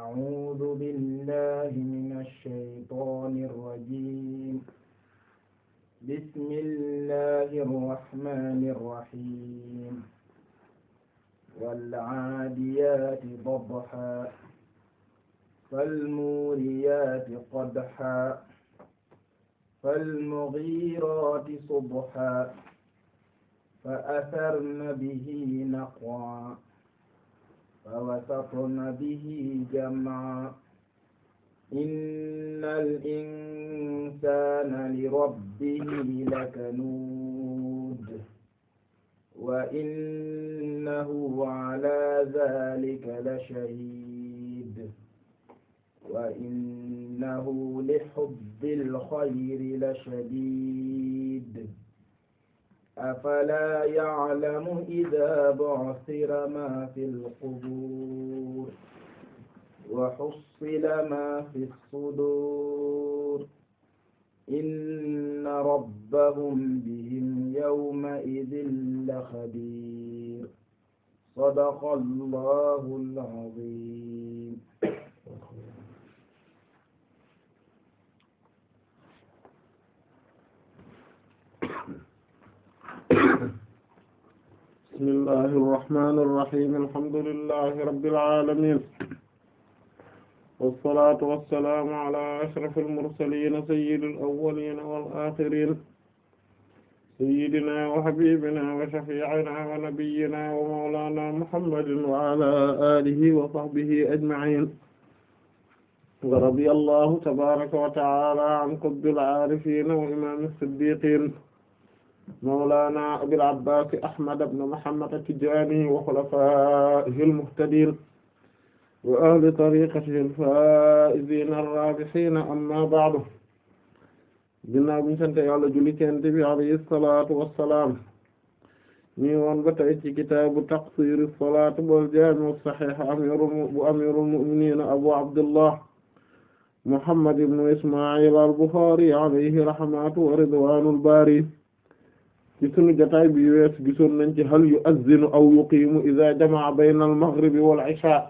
أعوذ بالله من الشيطان الرجيم بسم الله الرحمن الرحيم والعاديات ضبحا فالموريات قدحا فالمغيرات صبحا فأثرن به نقعا فوسطن به جمعا إن الإنسان لربه لكنود وإنه على ذلك لشهيد وإنه لحب الخير لشديد أفلا يعلم إذا بعثر ما في القبور وحصل ما في الصدور إن ربهم بهم يومئذ لخبير صدق الله العظيم bismillahi irrahmani irrahim alhamdulillahi rabbil alamin wassalatu wassalaamu ala ashrafi almursalin sayyidi alawalina wal axirin sayyidina wa habibina wa shafi'ina wa nabiyyina wa mawlana muhammadin wa ala alihi wa sahbihi ajma'in wa radiyallahu tabaraka wa ta'ala an qutbil aarifin wa imam as-siddiqin mawlana abil abbas ahmad ibn muhammad at-tijani wa khulafaihi al-muhtadin wa ahli tariqatihi al-faizin ar-rabihin amma ba'du ginnaaw bi ñu sant yàlla julli ci Nabi alayhi salatu wassalam ñi woon ba tey ci kitaabu taqsir as-salat wal jami' as-sahih bu amirul mu'minin abu abdullah muhammad ibn isma'il al-bukhari alayhi rahmatu wa ridwanul bari ci sunu jotaay bi wees gisoon nañ ci hal yu'azzinu aw yu yuqiimu idha jamaa bayna al-maghribi wal-ishaa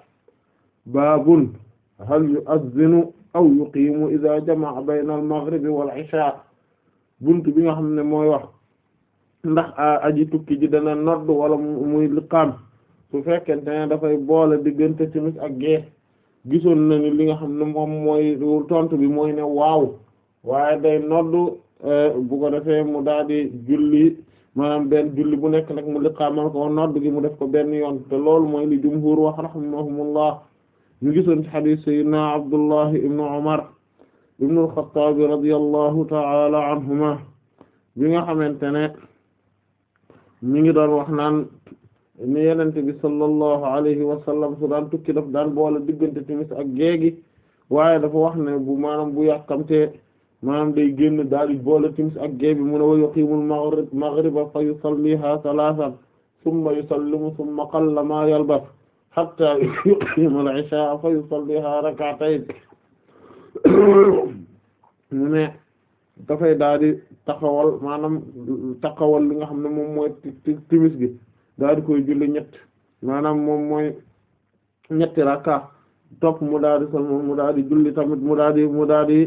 baabun hal yu'azzinu aw yuqiimu idha jamaa bayna al-maghribi wal-ishaa bunt bi nga xam ne mooy wax ndax ji tukki ji dana nodd wala muy liqaam su fekkente ne dafay boole diggante timis ak gee gisoon nañu li nga xam ne moom mooy tontu bi mooy ne waaw waaye day nodd Eh, bu ko defee mu daal di julli maanaam benn julli bu nekk nag mu liqaamal ko nodd gi mu def ko benn yoon te loolu mooy li jumhur wax rahimahumullah ñu gisoon ci xadiis sayyidina Abdullahi ibnu Umar ibnu al-Xattaab radiyallahu ta'ala anhuma bi nga xamante ne mi ngi doon wax naan ni yenente bi sallallahu alayhi wa sallam su daan tukki daf daan boole diggante timis ak géegi waaye dafa wax ne bu maanaam bu yàkkamte maanaam day génn daal di boole timis ak gée bi mu ne wa yuqiimul maghrib maghriba fa yusalliha salaasan summa yusallimu summa qalla ma yalbas hatta yuqiimul ishaa fa yusalliha rak'atayn mu ne dafay daal di taxawal maanaam taxawal li nga xam ne moom mooy timis gi daal koy julli ñett maanaam moom mooy ñetti rakka topp mu daal di solo mu daal di julli tamit mu daal mu daal di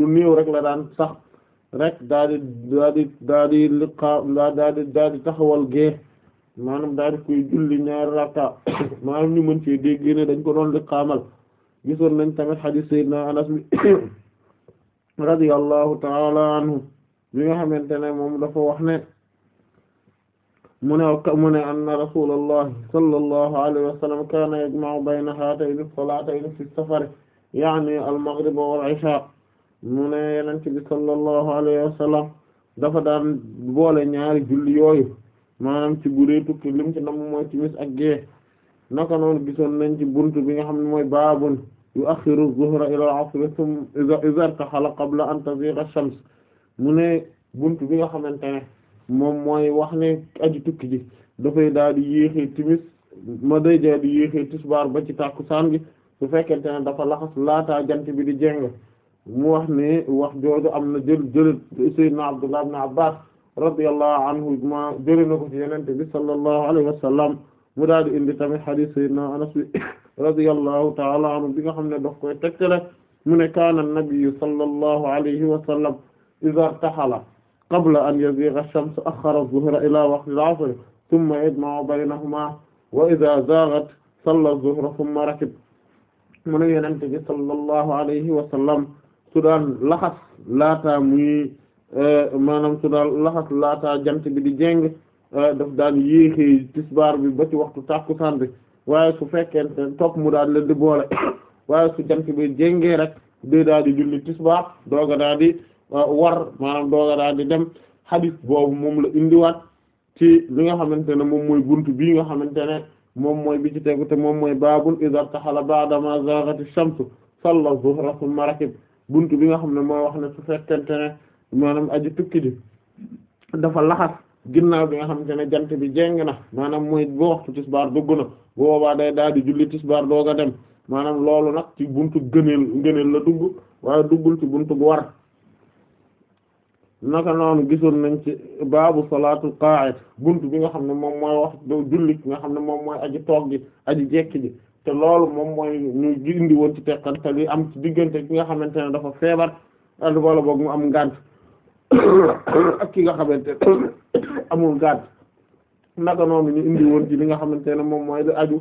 lu néew rek la daan sax rek daal di daal di daal taxawal gee maanaam daal di koy julli ñaari rakka maanaam ñu mën cee dégg ne dañ ko doon liqaamal gisoon nañ tamit hadith sayyidina Anas bi radiyallahu ta'ala anhu bi nga xamante ne moom dafa wax ne mu ne mu ne anna rasulallahi sallallahu alayhi wa sallam kaana yajma'u bayna haatayni salaatayni fi safari yaani al-maghrib wal isha mu ne yenent bi sallallahu alayhi wa sallam dafa daan boole ñaari julli yooyu maanaam ci buree tukki lim ci nam mooy timis ak gée naka noonu gisoon nañ ci buntu bi nga xam ne mooy baabun yu axiru zuhra ila al-asr thumma idha irtahala qabla an taziga ash-shams mu ne buntu bi nga xamante ne moom mooy wax ne aji tukki ji dafay daal di yéexee timis ma day daal di yéexee tisbaar ba ci tàkkusaan gi su fekkente ne dafa laxas laataa jant bi di jeng mu wax ne wax jooju am na jël jël sayyidina Abdullah ibn Abbas radiyallahu anhu ma na ko ci yenente bi sallallahu alayhi wa sallam mu daal di tamit hadith sayyidina Anas bi radiyallahu ta'ala anhu bi nga xam ne daf koy tegtale mu ne kaana nabiyyu sallallahu alayhi wa sallam idha qabla an yazigha ash-shamsu akhkhara adh-dhuhra ila waqti al-'asr thumma yajma'u baynahuma wa idha zaghat salla adh-dhuhra thumma rakib mu ne yenente bi sallallahu alayhi wa sallam su daan laxas laataa muy e, maanaam su daan laxas laataa jant bi di jeng e, daf daan yéexee tisbaar bi ba ci waxtu tàkkusaan bi waaye su fekkente topp mu daan leen di boole waaye su jant bi jéngee rek day daal di julli tisbaar dooga daal di war maanaam dooga daal di dem xadis boobu moom la indiwaat ci li nga xamante ne moom mooy buntu bii nga xamante ne moom mooy bi ci tegu te moom mooy baabul idha tahala ba'dama zaghati shamsu salla zuhra thumma rakib buntu bi nga xam ne mooy wax ne su fekkente ne maanaam aji tukki ji dafa laxas ginnaaw bi nga xamante ne jant bi jéng na maanaam mooy bu waxtu tisbaar dugg na bu boobaa day daal di julli tisbaar doog a dem maanaam loolu nag ci buntu gëneel gëneel la dugg waaye duggul ci buntu war naka noonu gisoon nañ ci baabu salaatul qaa'id bunt bi nga xam ne moom mooy wax do julli nga xam ne moom mooy aji toog ji aji jekki ji te loolu moom mooy ñu indi woon ci teqantal yi am ci diggante ki nga xamante ne dafa feebar ad wala mu am ngànt ak ki nga xamante amul ngànt naka noonu ñu indi woon ci li nga xamante ne moom mooy aju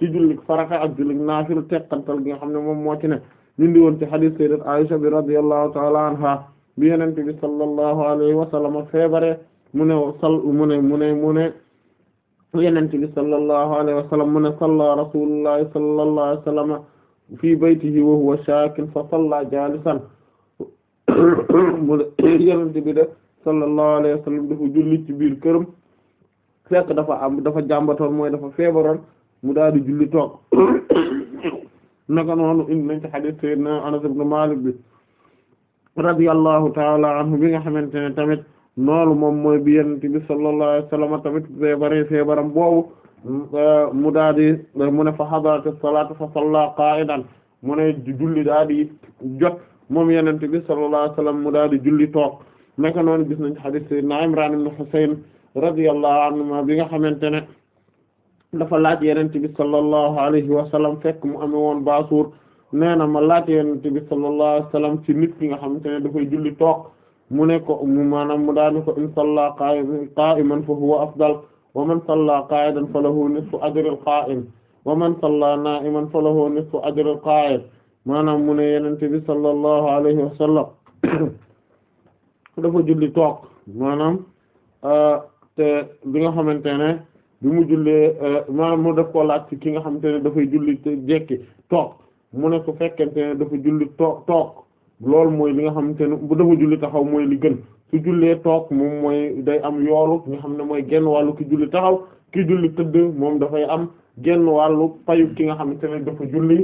ci jullik farata ak jullik naafilu teqantal gi nga xam ne moom moo ci ne ñu indi woon ci hadith sayyidat Aisha bi radiyallahu ta'ala anha bi Yonent bi sallallahu alayhi wa feebare mu ne sal mu ne mu ne mu ne Yonent bi mu ne salla Rasulullahi sallallahu alayhi wa sallam fii baytihi wa huwa shaakin fa salla jaalisan mu ne Yonent bi de sallallahu alayhi wa sallam julli ci biir këram fekk dafa am dafa jàmbatoon mooy dafa feebaroon mu daal di julli toog naka noonu indi nañ ci hadith Sayyidina Anas ibn Malik bi radiyallahu taala anhu bi nga xamante ne tamit noolu moom mooy bi yenante bi sallallahu alayhi wa tamit feebare feebaram boobu mu daa di mu ne fa xadarate salaatu fa salla qa'idan mu julli daa jot moom yenente bi sallallahu alayhi wa di julli toog naka noonu gis nañ hadith sayyidina Imran ibn Husayn radiyallahu anhuma bi nga xamante ne dafa laaj yenente bi sallallahu alayhi wa sallam fekk mu ame woon baasuur nee na ma laajte yonent bi sallallahu alayhi ci nit ki nga xamante ne dafay julli toog mu ne ko mu maanaam mu daal di ko in salla qa'iman fa huwa afdal wa man salla qa'idan fa lahu nisfu ajri al-qa'im wa man salla na'iman fa lahu nisfu ajri al-qa'id maanaam mu ne yonent bi sallallahu alayhi wa sallam julli toog maanaam euh, te bi nga xamante ne bi mu jullee euh, maanaam mu def ko laaj ki nga xamante ne dafay julli te jekki toog mu ne su fekkente ne dafa julli toog toog loolu mooy li nga xamante ne bu dafa julli taxaw mooy li gën su jullee toog moom mooy day am yoolu nga xam ne mooy genn wàllu ki julli taxaw ki julli tëdd moom dafay am genn wàllu payu ki nga xamante ne dafa julli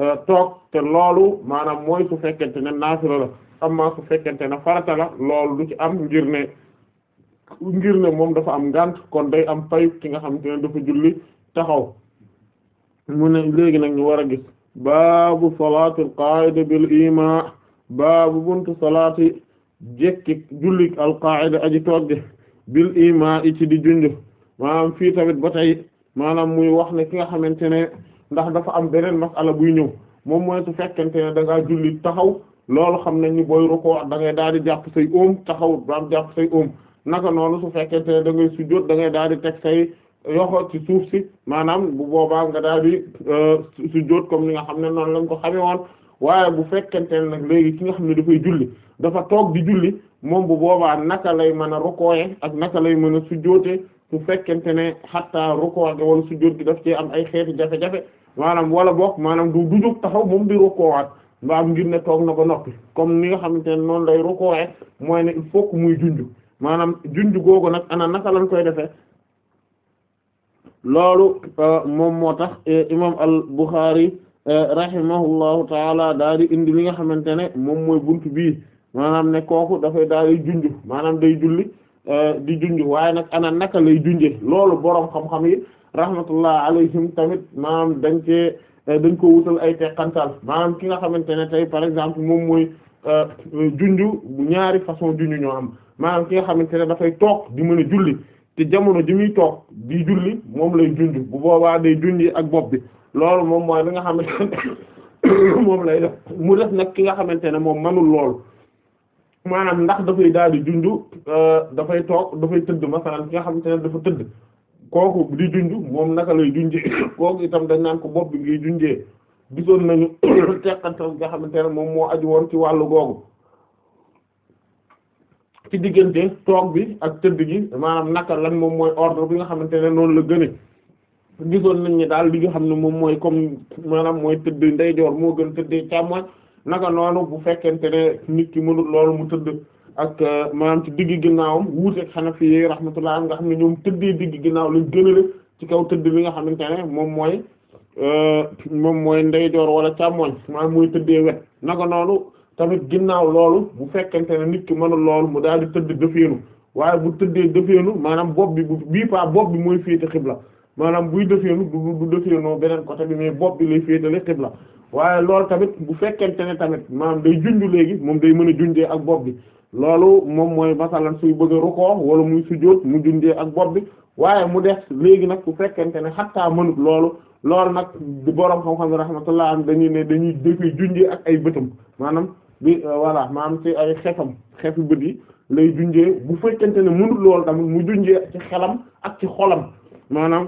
euh, toog te loolu maanaam mooy su fekkente ne naafila la amma su fekkente ne farata la loolu du ci am ngir ne ngir ne moom dafa am ngànt kon day am payu ki nga xamante ne dafa julli taxaw mu ne léegi nag ñu war a gis baabu salaatil qaa'idi bil imaa baabu buntu salaati jekki jullik al qaa'idi aji toog bil imaa i ci di junj maanaam fii tamit ba tey maanaam muy wax ne ki nga xamante ne ndax dafa am beneen masala buy ñëw moom mooy su fekkente ne da ngaa julli taxaw loolu xam nañ ni booy rukkoo da ngay daal di jàpp say oom taxaw daal jàpp say oom naka noonu su fekkente ne da ngay sujjóot da ngay daal di teg say. yoxo ci suuf si maanaam bu boobaa nga daal di euh, sujjóot comme ni nga xam ne noonu lañ ko xamee woon bu fekkente ne nag léegi ki nga xam ne dafay julli dafa toog di julli moom bu boobaa naka lay mën a rukkooye ak naka lay mën a sujjóote su fekkente ne xatta rukkoo gi wala sujjóot gi daf ci am ay xeeti jafe-jafe maanaam wala boog maanaam du du jóg moom di rukkoowaat nga am ngir ne toog na ba noppi comme ni nga xamante ne noonu lay rukkooye mooy ne il faut muy junj maanaam junj googu nag ana naka lañ koy defee loolu euh, moom moo tax euh, imam al Bukhari euh, rahimahullahu taala daal di indi li nga xamante ne moom mooy bunt bii maanaam ne kooku dafay daal di junj maanaam day julli di junj waaye nag ana naka lay junje loolu boroom xam-xam yi rahmatullah alayhim tamit maanaam dañ cee dañ ko wutal ay teqantal maanaam ki nga xamante ne tey par exemple moom mooy junj ñaari façon junj ñoo am maanaam ki nga xamante ne dafay toog di mën a julli di jamono ji muy toog di julli moom lay junj bu boobaa day junji ak bopp bi loolu moom mooy li nga xamante ne moom lay def mu def ki nga xamante ne moom manul loolu maanaam ndax dafay daal di junj euh, dafay toog dafay tëdd masalan ki nga xamante ne dafa tëdd kooku di junj moom naka lay junjee kooku itam dañ naan ko bopp bi ngay junjee gisoon nañu teqantal nga xamante ne moom moo aj woon ci wàllu googu ci diggante toog bi ak tëdd gi maanaam naka lan moom mooy ordre bi nga xamante ne noonu la gën a gisoon nañ ne daal li nga xam ne moom mooy comme maanaam mooy tëdd ndeyjoor moo gën tëdd càmmoñ naka noonu bu fekkente ne nit ki mënul loolu mu tëdd ak euh, maanaam ci digg ginnaawam wuuteeg Hanafi yi rahmatullah am nga xam ne ñoom tëddee digg ginnaaw lañ gënale ci kaw tëdd bi nga xamante ne moom mooy euh, moom mooy ndeyjoor wala càmmoñ maanaam mooy tëddee wet naka tamit ginnaaw loolu bu fekkente ne nit ki mënul loolu mu daal di tëdd dëfeenu waaye bu tëddee dëfeenu maanaam bopp bi bii paa bopp bi mooy féete xibla maanaam buy dëfeenu du du dëfeenoo beneen côté bi mais bopp bi lay féetale xibla waaye loolu tamit bu fekkente ne tamit maanaam day junj léegi moom day mën a junjee ak bopp bi loolu moom mooy masalan suy bëgg a rukkoo wala muy sujjóot mu junjee ak bopp bi waaye mu def léegi nag bu fekkente ne xattaa mënut loolu loolu nag di boroom xam-xam rahmatullah am dañuy ne dañuy dafay junjee ak ay bëtam maanaam bi euh, voilà maanaam ci ay xefam xefu bët yi lay junjee bu fekkente ne mënul lool tamit mu junjee ci xelam ak ci xolam maanaam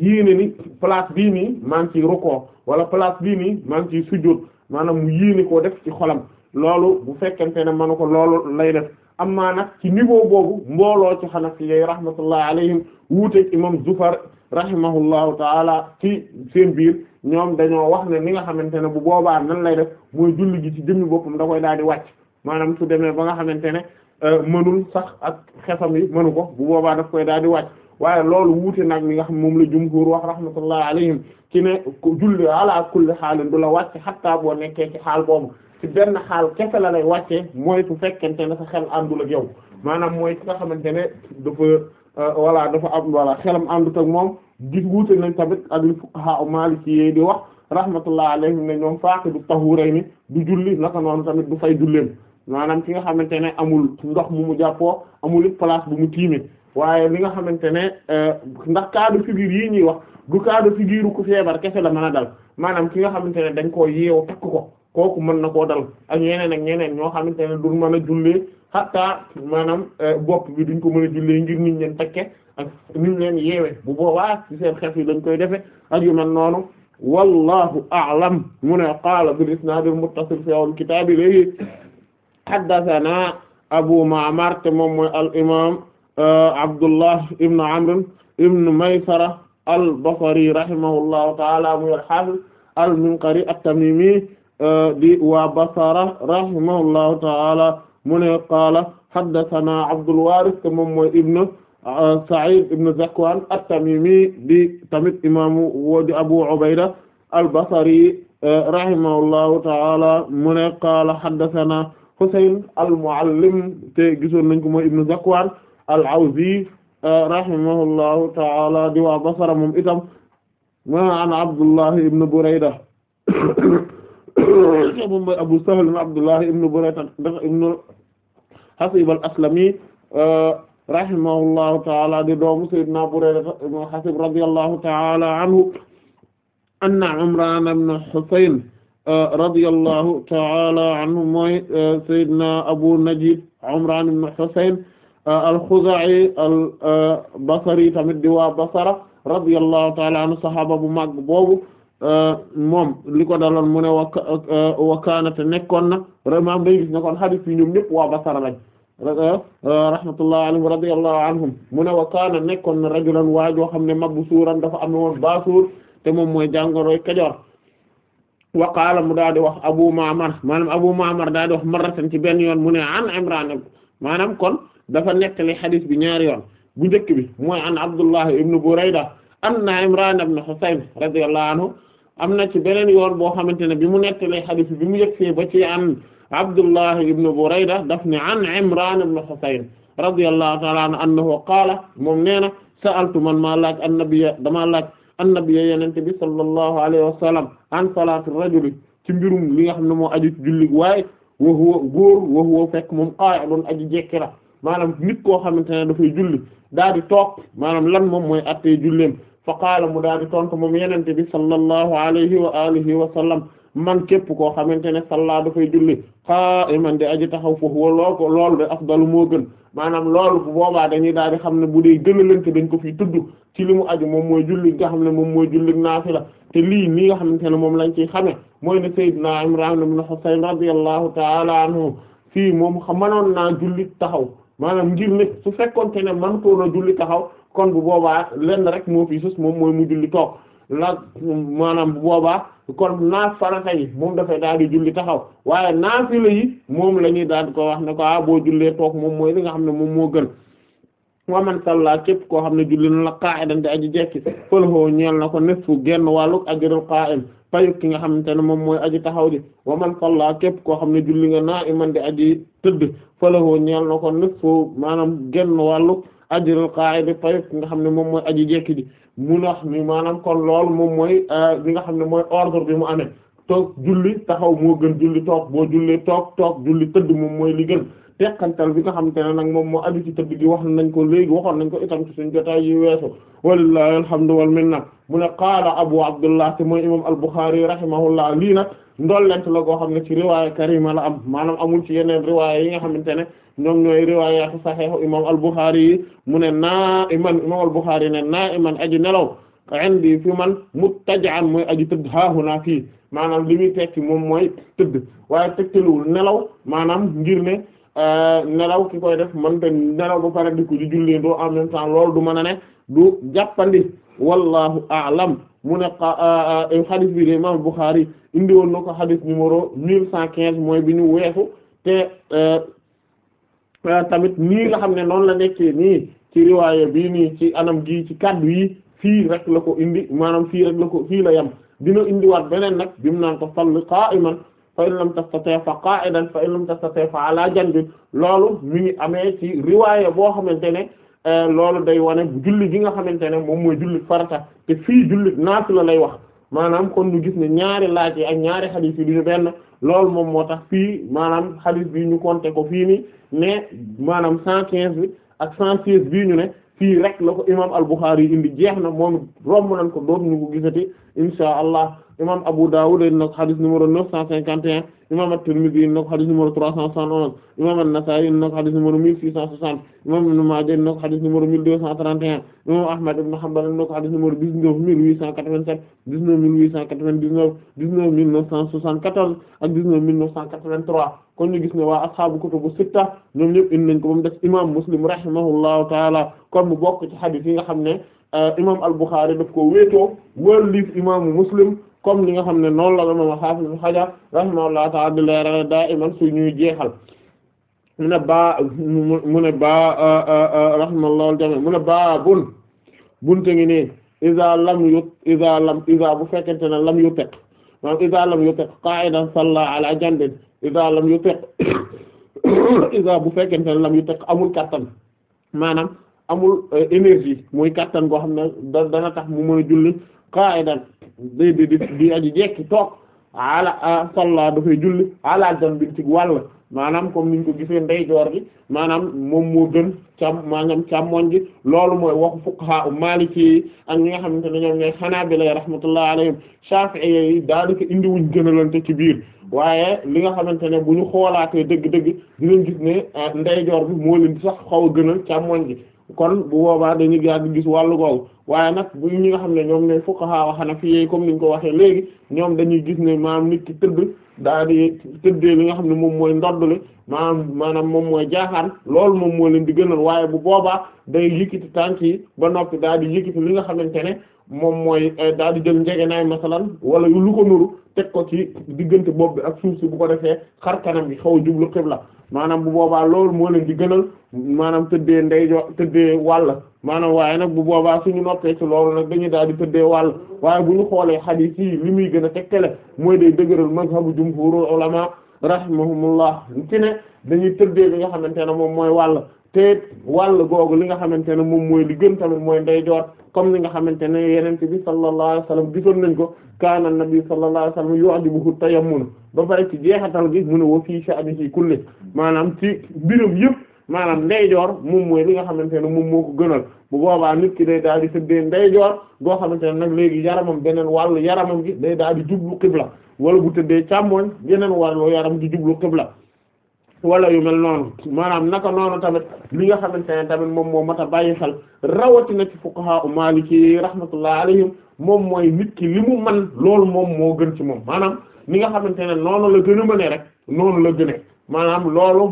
yéene ni place bii nii maa ngi ciy rukkoo wala place bii nii maa ngi ciy sujjóot maanaam mu yéene koo def ci xolam loolu bu fekkente ne mënu ko loolu lay def am maa nag ci niveau boobu mbooloo ci xanaf yi rahmatullah alayhim wuuteeg imam Zufar rahimahullahu taala ci seen biir ñoom dañoo wax ne li nga xamante ne bu boobaa nan lay def mooy julli ji ci jëmmi boppam da koy daal di wàcc maanaam su demee ba nga xamante ne euh, mënul sax ak xefam yi mënu ko bu boobaa nag koy daal di wàcc waaye loolu wuute nag li nga xam moom la jumhuur wax rahmatullahi alayhim ki ne julli ak kulli xaalin du la wàcc xattaa boo nekkee ci xaal boobu ci benn xaal kese la lay wàccee mooy tu fekkente ne sa xel àndul ak yow maanaam mooy ci xamante ne dafa Euh, voilà dafa am voilà xelam àndut ak moom gis wuute nañ tamit ak li fuqaha maliki di wax rahmatullah alayhim ne ñoom faaqidu tahurayni du julli naka noonu tamit du fay julleem maanaam ki nga xamante ne amul ndox mu mu jàppoo amul it place bu mu tiimee waaye li nga xamante ne euh, ndax cas de figure yii ñuy wax du cas de figure ku feebar kese la mën a dal maanaam ki nga xamante ne dañ koo yeew takk ko kooku mën na koo dal ak ñeneen ak mën a jullee xatta maanaam eh, bopp bi duñ ko mën a jullee ngir niñ leen takke ak niñ leen yeewe bu boobaa ci seen xef yi lañ koy defe ak yu mel noonu wallahu a'lam mu ne qaala bil isnaadil muttasil fi al kitaab ilayhi haddathana abu ma'mar te moom mooy al imam eh, abdullah ibn amr ibn maysara al basri rahimahullahu ta'ala muy al hafiz al minqari at-tamimi eh, di waa basara rahimahullahu ta'ala mu ne qaala haddathana Abdul Waaris te moom mooy ibn ah, Sa'id ibn Zakwan at-Tamimi di tamit imaamu woodi Abu Ubayda al-Basri eh, rahimahullahu ta'ala mu ne qaala haddathana Husayn al-Mu'allim te gisoon nañ ko mooy ibn Zakwan al-Awzi eh, rahimahullahu ta'ala di waa Basra moom itam ma an Abdullah ibn Burayda moom mooy Abu Sahl ibn Abdullah ibn Burayda ibn Hasib al-Aslami uh, rahimahullahu ta'ala di doomu Sayyidina Burayda ibn Hasib radiyallahu ta'ala anhu anna Imran ibn Husayn uh, radiyallahu ta'ala anhu mooy uh, Sayyidina Abu Najid Imran ibn Husayn al-Khuzaa'i al-Basri tamit di waa Basra radiyallahu ta'ala anhu saxaaba bu mag boobu Euh, moom li ko daloon mu ne wa euh, kaanate nekkoon na maam day gis ne kon hadith yi ñoom ñëpp waa Basra lañ euh, rahmatullahi alayhim radiyallahu anhum mu ne wa kaana nekkoon na rajulan waajoo xam ne mabsuuran dafa am woon baasuur te moom mooy jàngoroy Kajoor wa mu daal di wax Abu Ma'mar maanaam Abu Ma'mar daal di wax marratan ci benn yoon mu ne an Imraan maanaam kon dafa nettali hadith bi ñaari yoon bu njëkk bi mooy an Abdullah ibn Burayda anna Imraan ibn Husayn radiyallahu anhu am na ci beneen yoon boo xamante ne bi mu nettalee xadis bi mu yëgsee ba ci an Abdullah ibn Burayda daf ne an Imran ibn Husayn radiyallahu ta'ala anhu annahu qaala moom nee na sa'altu man maa laaj annabiyya damaa laaj annabiyya yenente bi sallallahu alayhi wa sallam an rajuli ci mbirum li nga xam ne moo aju ci julli waaye wa huwa góor wa huwa fekk moom qaa'idun aji jekki la maanaam nit koo xamante ne dafay julli daal di toog maanaam lan moom mooy attee julleem fa qaala mu daal di tontu moom yenente bi sallallahu alayhi wa alihi wa sallam man képp koo xamante ne salla dafay julli qaa'iman di aji taxaw foofu lool ko loolu de afdalu moo gën maanaam loolu bu boobaa dañuy daal di xam ne bu dee gënalante dañ ko fi tudd ci li mu aju moom mooy julli nga xam ne moom mooy julli naafila te lii nii nga xamante ne moom lañ ciy xamee mooy ne Seydina Imraan ibn Husayn radiyallahu taala anhu fii moom mënoon naa julli taxaw maanaam ngir ne su fekkoon te ne man koo na julli taxaw kon bu boobaa lenn rek moo fi moom mooy mu julli toog la maanaam bu boobaa kon naaf farata yi moom dafay daal di julli taxaw waaye naafila yi moom la ñuy daal di ko wax ne ko ah boo julle toog moom mooy li nga xam ne moom moo gën waman salla képp koo xam ne julli na la qa'idan di aji jekki fëlahoo ñeel na ko nisfu genn wàlluk ajrul qa'im payuk ki nga xamante ne moom mooy aji taxaw ji waman salla képp koo xam ne julli nga naa'iman di aji tëdd fëlahoo ñeel na ko nisfu maanaam genn wàlluk ajrul qaa'idi payub ki nga xam ne moom mooy aji jekki ji munax mi maanaam kon lool moom mooy euh, li nga xam ne mooy ordre bi mu amee toog julli taxaw moo gën julli toog boo julli toog toog julli tëdd moom mooy li gën teqantal bi nga xamante ne nag moom moo aju ci tëdd gi wax nañ ko léegi waxoon nañ ko itam ci suñu jotaay yi weesu walillahi alhamdu wal minna mu ne qaala abu abdullah te mooy imam al-Bukhari rahimahullah lii na ndollent la goo xam ne ci riwaaya karima la am maanaam amul ci yeneen riwaaya yi nga xamante ne ñoom ñooy riwaayaatu saxiix imaam al mu ne naa iman imaam al-Bukhari ne naa iman aji nelaw indi fi man muttajaan mooy aji tëdd haahunaa fii maanaam li muy tekki moom mooy tëdd waaye tegtaluwul nelaw maanaam ngir ne euh, nelaw ki koy def mënta nelaw ba pare di ko di julli doo en même temps loolu du mën a ne du jàppandi wallahu a'lam mu ne euh, euh, xadis bi de imaam Bukhari indi woon na ko xadis numéro mille cent quinze mooy bi ñu weesu te tamit nii nga xam ne noonu la nekkee nii ci riwaaya bii nii ci anam gi ci kaddu yi fii rek la ko indi maanaam fii rek la ko fii la yem dina indiwaat beneen nag bi mu naan ko salli qa'iman fa in lam tastati' fa qa'idan fa in lam tastati' fa ala janbi loolu mi ngi amee ci riwaaya boo xamante ne eh, loolu day wane julli gi nga xamante ne moom mooy julli farata te fii julli naafila lay wax maanaam kon ñu gis ne ñaari laaj yi ak ñaari xadis yi du ñu benn loolu moom moo tax fii maanaam xadis bi ñu compter ko fii nii ne maanaam cent quinze bi ak cent seize bii ñu ne fii rek la ko imam al-Bukhari yi indi jeex na moom romb nañ ko dootuñu ko gisati insha allah imam Abu Dawud dina ko xadis numéro neuf cent cinquante et imam at-Tirmidhi indi na ko xadis numéro 371 imam an-Nasa'i indi na ko xadis numéro 1660 imam Ibn Maaja indi na ko xadis numéro Ahmad ibn Hanbal indi na ko xadis numéro 19887 19899 19974 ak 19983 kon ñu gis ne waa ashaabu kutubu sitta ñoom ñëpp indi nañ ko ba mu des imam Muslim rahimahullahu taala kon mu bokk ci xadis yi nga xam ne euh, imam al-Bukhari daf ko wéetoo wal liif imam Muslim comme li nga xam ne noonu la imam xaafis ibn Hajar rahimahullah ta'ala di leeral daa iman jeexal mu ne baa mu ne baa rahimahullahu jami mu ne baa bun bunte ngi lam yu bu fekkente ne lam yu teq lam yu teq qa'idan salla jandin isa lam yu teq bu fekkente ne lam yu teq amul kattan maanaam amul euh, énergie muy kattan goo xam ne da tax mu mën a julli day bi di aji jekki toog ala salla dafay julli ala bi ci wàll maanaam comme niñ ko gisee ndeyjoor bi maanaam moom moo gën càm maanaam càmmoñ gi loolu mooy waxu maali ci ak ñi nga xamante ne xanaa ñooy xanaabila rahmatullah alayhim shafi'i yi daanaka indi wuñ gënalante ci biir waaye li nga xamante ne bu ñu xoolaatee dëgg-dëgg dinañ gis ne ndeyjoor bi moo sax xaw a gënal càmmoñ gi kon bu boobaa dañuy gàgg gis wàllu googu waaye nag bu ñi nga xam ne ñoom ne fuqaha wa hanafiyye comme ni ñu ko waxee léegi ñoom dañuy gis ne maam nit ki tëdd daal di tëddee li nga xam ne moom mooy ndoddle maanaam maanaam moom mooy jaaxaan loolu moom moo leen di gënal waaye bu boobaa day yëkkati tànk yi ba noppi daal di li nga xamante ne moom mooy eh, daal di jël njegenaay masalan wala lu ko nuru teg ko ci diggante bopp bi ak suuf si bu ko defee xar bi xaw a jublu xibla maanaam bu boobaa loolu moo la di gënal maanaam tëddee ndeyjo tëddee wàll maanaam waaye nag bu boobaa ñu noppee ci loolu nag dañuy daal di tëddee wàll waaye bu ñu xoolee hadith yi li muy gën a tegtale mooy day dëgëral mazhabu jumhurul ulama rahimahumullah ci ne dañuy tëddee li nga xamante ne moom mooy wàll te wall googu li nga xamante ne moom mooy li gën tamit mooy ndeyjoor comme ni nga xamante ne yeneen bi sallallahu alayhi wa sallam gisoon nañ ko kaana nabi sallallahu alayhi wa sallam yu'jibuhu tayammun ba pare ci jeexatal gi mu ne wa fii sha'nihi kulli maanaam ci mbirum yëpp maanaam ndeyjoor moom mooy li nga xamante ne moom mu ko gënal bu boobaa nikki day daal di sëddee ndeyjoor boo xamante ne nag léegi yaramam beneen wàllu yaramam gi day daal di jublu qibla wala bu tëddee càmmoñ beneen wàllu yaram gi jublu qibla wala yu mel noonu maanaam naka noonu tamit li nga xamante ne tamit moom moo mat bàyyi xel rawatina ci fuqaha u maliki rahmatullah alayhim moom mooy nit ki li mu man loolu moom moo gën ci moom maanaam li nga xamante ne noonu la gën a mëne rek noonu la gëne maanaam loolu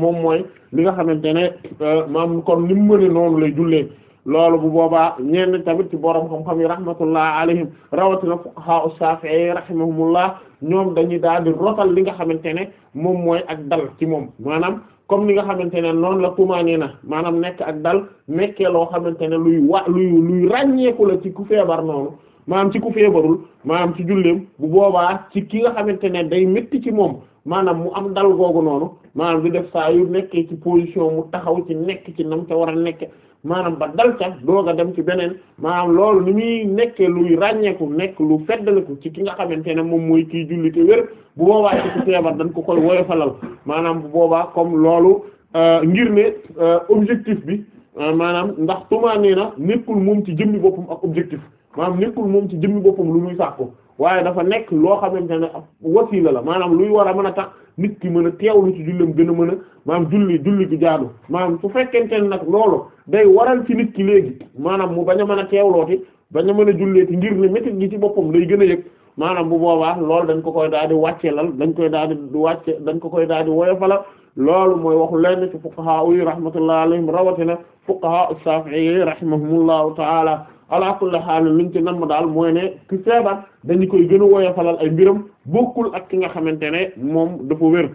moom mooy li nga xamante ne euh, maam kon ni mu mëne noonu lay jullee loolu bu boobaa ñenn tamit ci borom xam-xam yi rahmatullah alayhim rawatina fuqaha u shafi'i rahimahumullah ñoom dañuy daal di rotal li nga xamante ne moom mooy ak dal ci moom maanaam comme ni nga xamante ne noonu la tumaanee na maanaam nekk ak dal nekkee loo xamante ne luy wa luy luy ràññeeku la ci ku feebar noonu maanaam ci ku feebarul maanaam ci julleem bu boobaa ci ki nga xamante ne day métti ci moom maanaam mu am dal googu noonu maanaam bi def saa yu nekkee ci position mu taxaw ci nekk ci nam te war a nekk maanaam ba dal ca doog a dem ci beneen maanaam loolu ni muy nekkee luy ràññeeku nekk lu feddaliku ci ki nga xamante ne moom mooy kii julli te wér bu boobaa ci ku feebar dañ ko fa lal maanaam bu boobaa comme loolu euh, ngir ne euh, objectif bi euh, maanaam ndax tumaanee na nekkul moom ci jëmmi boppam ak objectif maanaam nekkul moom ci jëmmi boppam lu muy sàkku waaye dafa nekk loo xamante ne wasila la maanaam luy war a mën a tax nit ki mën a teewlu ci jullam gën a a maanaam julli julli bi jaadu maanaam su fekkente ne nag loolu day waral ci nit ki léegi maanaam mu bañ a mën a teewlooti bañ a mën a julleeti ngir ne métit gi ci boppam lay gën a yëg maanaam bu boobaa loolu dañ ko koy daal di lal dañ koy daal di wàcce dañ ko koy daal di woyofalal lool mooy waxu lenn ci fuqaha yi rahmatullahi alayhim rawatina fuqaha as-Shafi'i rahimahumullahu ta'ala ala kulli xaal liñ ci namm daal mooy ne ki feebar dañu koy gën a woyofalal ay mbiram bokkul ak ki nga xamante ne moom dafa wér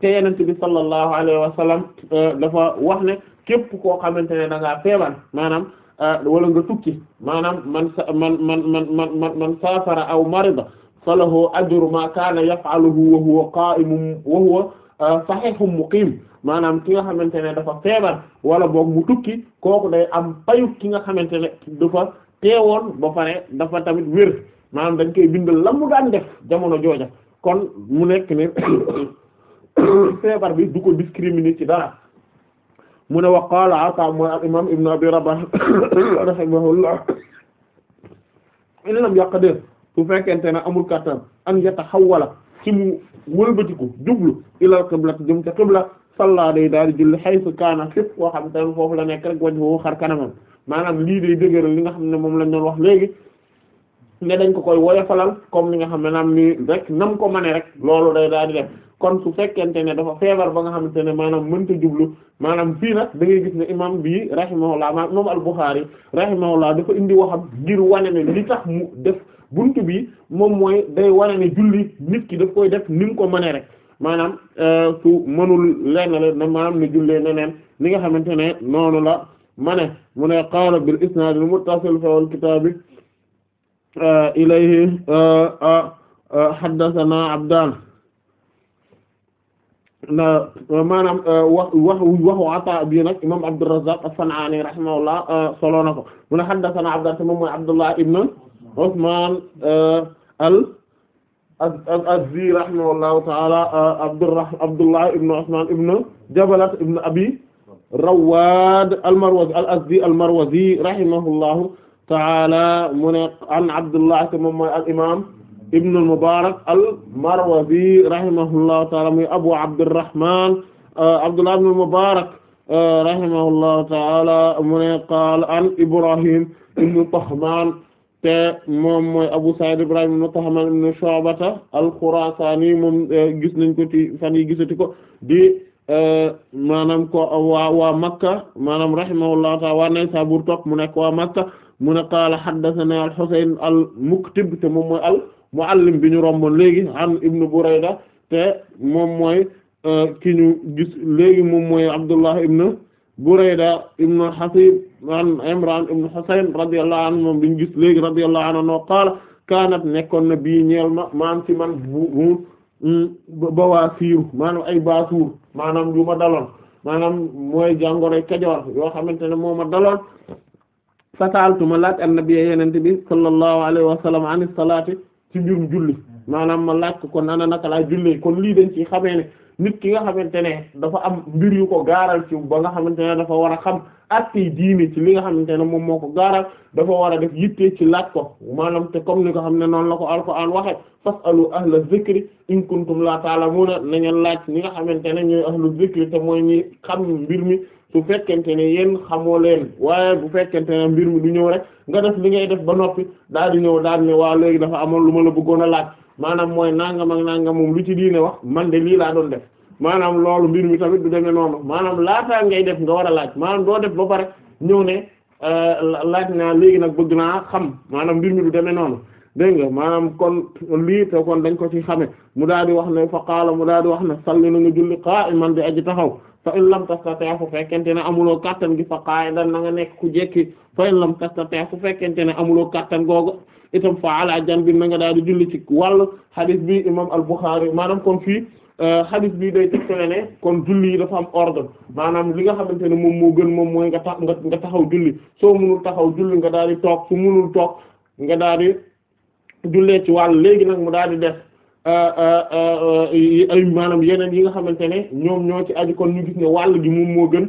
te yenent bi sallallahu alayhi wa sallam euh, dafa wax ne képp koo xamante ne da ngaa maanaam euh, wala nga tukki maanaam man man man man man man man saafara aw marida falahu ajru ma kaana yaf'aluhu wa huwa qa'imun wa huwa euh, sahihun muqim maanaam ki nga xamante ne dafa feebar wala boog mu tukki kooku day am payu ki nga xamante ne dafa teewoon ba pare dafa tamit wér maanaam dañ koy bindal la mu daan def jamono jooja kon mu nekk ne feebar bi du ko discriminer ci dara mu ne wa qaala Ata mooy al imam Ibn Abi Rabah rahimahullah in lam yaqdir su fekkente ne amul kattan an yataxawwala ci mu wëlbatiku jublu ilal qibla jëm ca qibla salla day daal di julli haythu kaana fépp koo xam tamit foofu la nekk rek wajhu xar kanamam maanaam lii day dëgëral li nga xam ne moom lañ doon wax léegi ne dañ ko koy woyofalal comme li nga xam ne naam ni rek nam ko mane rek loolu day daal di def kon su fekkente ne dafa feebar ba nga xamante ne maanaam mënta jublu maanaam fii nag da ngay gis ne imam bii rahimahullah ma imam al-Bukhari rahimahullah dafa indi waxam ngir wane ne li tax mu def bunt bi moom mooy day wane ne julli nit ki daf koy def ni ko mënee rek maanaam su euh, mënul lenn leen na maanaam ni jullee neneen li nga xamante ne noonu la ma ne mu ne qaala bil isnaad al muttasil fi al kitaab euh, ilayhi euh, haddathana abdaan maanaam wax wax waxu ata bi nag imam abdurrazzaq as-san'aani rahimahullah solo na ko mu ne abdaan te moom mooy abdullah ibn al az-Azdi rahimahullahu ta'ala euh, Abdurrahman Abdullah ibn Usman ibn Jabalat ibn Abi Rawwad al-Marwazi al-Azdi al-Marwazi rahimahullahu ta'ala mu ne an Abdullah te moom mooy al-imam ibn al-Mubarak al-Marwazi rahimahullahu ta'ala muy Abu Abdurrahman euh, Abdullah ibn al-Mubarak euh, rahimahullahu ta'ala mu ne qaala an Ibrahim ibn Tahman te moom mooy Abu Sa'id Ibrahim ibn Tahman al-Khurasani moom eh, gis nañ ko ci fan yi gisati ko di eh, maanaam ko waa waa Makka maanaam rahimahullahu ta'ala waa Naysabur topp mu nekk waa Makka mu ne qaala haddathana al-Husayn al-Muktib te moom mooy al-Muallim bi ñu romboon léegi an Ibn Burayda te moom mooy eh, ki ñu gis léegi moom mooy Abdullah ibn Burayda ibn Hasib an Imran ibn Husayn radiyallahu anhu moom biñu gis léegi radiyallahu anhu qaala kaanat nekkoon na bii ñeel ma maam ci man bu bawaasiiru maanaam ay baasuur maanam yu ma daloon maanaam mooy jàngoroy Kajoor yoo xamante ne moo ma daloon fasaaltu ma laaj annabi yenente bi sallallahu alayhi wa sallam an salaati ci mbirum julli maanaam ma laaj kon ana naka laa kon lii dañ ci xamee nit ki nga xamante ne dafa am mbir yu ko gaaral ci ba nga xamante ne dafa war a xam attey diine ci li nga xamante ne moom moo ko gaaral dafa war a def yitte ci laaj ko maanaam te comme ni nga xam ne noonu la ko alquran waxe fasalu ahla zikri in kuntum la ta'lamuna na laaj ñi nga xamante ne ñooy ahlu zikri te mooy ñi xam mbir mi su fekkente ne yéen xamoo leen waaye bu fekkente ne mbir mi du ñëw rek nga def li ngay def ba noppi daal di ñëw daal ne waa léegi dafa amoon lu ma la bëggoon a laaj maanaam mooy nangam ak nangam moom lu ci diine wax man de lii laa doon def maanaam loolu mbir mi tamit du demee noonu maanaam laataa ngay def nga war a laaj maanaam doo def ba pare ñëw ne euh, laaj naa léegi nag bëgg naa xam maanaam mbir mi du demee noonu dégg nga maanaam kon lii te kon dañ ko ci xame mu daal di wax ne fa qaala mu daal di wax na salli na nga julli qaa'iman di aji taxaw fa in lam tastati' fu fekkente ne amuloo kattan gi fa qaa'idan na nga nekk ku jekki fa in lam tastati' fu fekkente ne amuloo kattan googu itam fa ala janbi na nga daal di julli ci wàll hadith bi imam al-Bukhari maanaam kon fii euh, hadith bi day tegtale ne kon julli yi dafa am ordre maanaam li nga xamante ne moom moo gën moom mooy nga tax nga taxaw julli soo mënul taxaw julli nga daal di toog su toog nga daal di ci wàll léegi nag mu daal di def euh, euh, ay maanaam yi nga xamante ne ñoom ci aju kon ñu wàll gi moom moo gën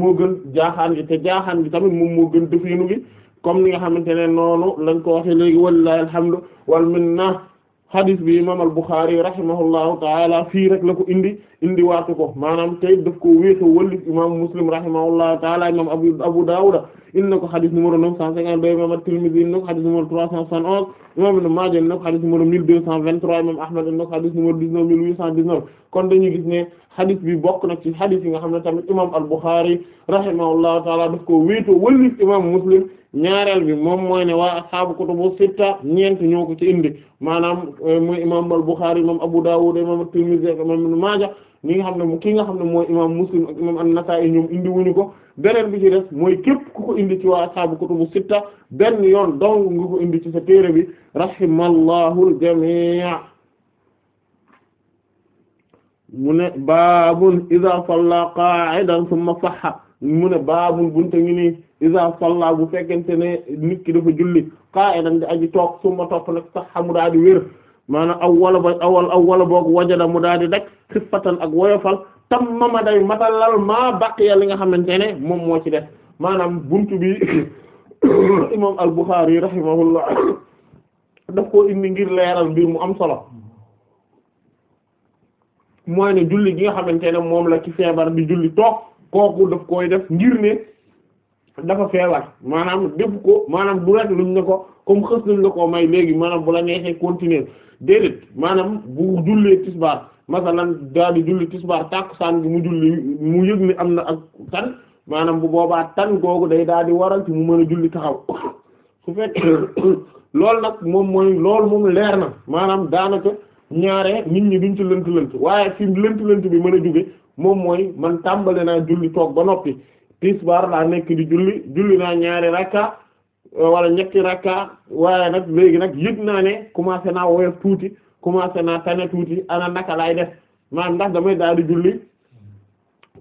moo gën jaaxaan gi te jaaxaan gi tamit moom moo gën def yenu gi comme ni nga xamante ne noonu lañ ko waxee léegi walilahi alhamdu wal minna hadis bi imam al Bukhari rahimahullahu taala fii rek la ko indi indi waatu ko maanaam tey daf ko wéeto wallif imam Muslim rahimahullahu taala imam abu Abu Dawud indi na ko hadis numéro 952 imam at-Tirmidhi na ko hadis numéro 371 imam Ibn Maaja indi na ko hadis numéro 1223 imam Ahmad indi na ko hadis numéro 19819 kon dañuy gis ne hadis bi bokk na ci hadis yi nga xam ne tamit imam al Bukhari rahimahullahu taala daf ko wéeto wallif imam Muslim ñaareel bi moom mooy ne waa ashaabu kutubu sitta ñeent ñoo ko ci indi maanaam euh, muy imam al-Bukhari imam Abu Dawud imam at-Tirmidhi imam Ibn Maaja ñi nga xam ne ki nga xam ne mooy imam Muslim ak imam an-Nasa'i ñoom indi wuñu ko beneen bi ci des mooy képp ku ko indi ci waa ashaabu kutubu sitta benn yoon dong nga ko indi ci sa téere bi rahimallahu al-jami' mu ne baabun idha salla qa'idan thumma sahha mu ne baabun bunte ngi iza salla bu fekkente ne nit ki dafa julli ka di aji toog suma topp nag sax xamu daa di wér maanaam aw wala ba aw wala boog wajada mu daa di daj xiffatan ak woyofal tam mama day matalal maa baqiya li nga xamante ne moom moo ci def maanaam buntu bi imam al-Bukhari rahimahullah daf koo indi ngir leeral mbir mu am solo mooy ne julli nga xamante ne moom la ci feebar di julli toog kooku daf koy def ngir ne dafa feebar maanaam def ko maanaam du rek luñ ne ko comme xës nañ la ko may léegi maanaam bu la neexee continuer déedéet maanaam bu jullee tisbaar masalan daal di julli tisbaar tàkkusaan gi mu julli mu yëg ni am na ak tan maanaam bu boobaa tan googu day daal di waral ci mu mën a julli taxaw su fekkee loolu nag moom mooy loolu moom leer na maanaam daanaka ñaare nit ñi duñ ci lënt lënt waaye fi lënt lënt bi mën a jóge moom mooy man tàmbale naa julli toog ba noppi tisbaar laa nekk di julli julli naa ñaari rakka euh, wala ñetti rakka waaye nag léegi nag yëg naa ne commencé naa woyof tuuti commencé naa tane tuuti ana naka laay def maanaam ndax damay daal di julli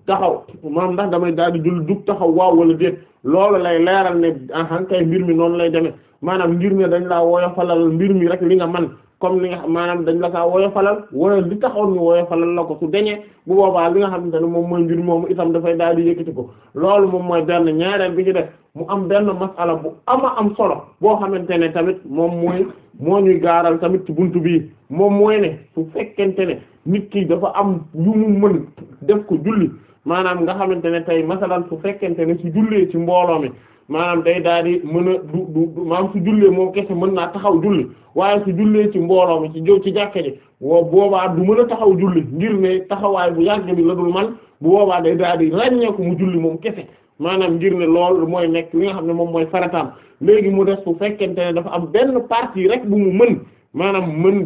taxaw maanaam ndax damay daal di julli dug taxaw wa wala déet loolu lay leeral ne ahan kay mbir mi noonu lay demee maanaam ngir ne dañ laa woyofalal mbir mi rek li nga man comme li nga xam maanaam dañ la kaa woyofalal wala li taxoon ñu falal la ko su deñee bu boobaa bi nga xamante ne moom mooy mbir moomu itam dafay daal di yëkkati ko loolu moom mooy benn ñaareel bi ci def mu am benn masala bu ama am solo boo xamante ne tamit moom mooy moo ñuy gaaral tamit ci buntu bii moom mooy ne su fekkente ne nit kii dafa am yu mu mën def ko julli maanaam nga xamante ne tey masalan su fekkente ne si jullee ci mbooloo mi maanaam day daal di mën a du du maanaam su jullee moom kese mën naa taxaw julli waaye su jullee ci mbooloo mi ci jow ci jàkka woo boobaa du mën a taxaw julli njir ne taxawaay bu yàgg bi la dul man bu boobaa day daal di ràññeeku mu julli moom kese maanaam njir ne lool mooy nekk li nga xam ne moom mooy farataam léegi mu def su fekkente ne dafa am benn partie rek bu mu mën maanaam mën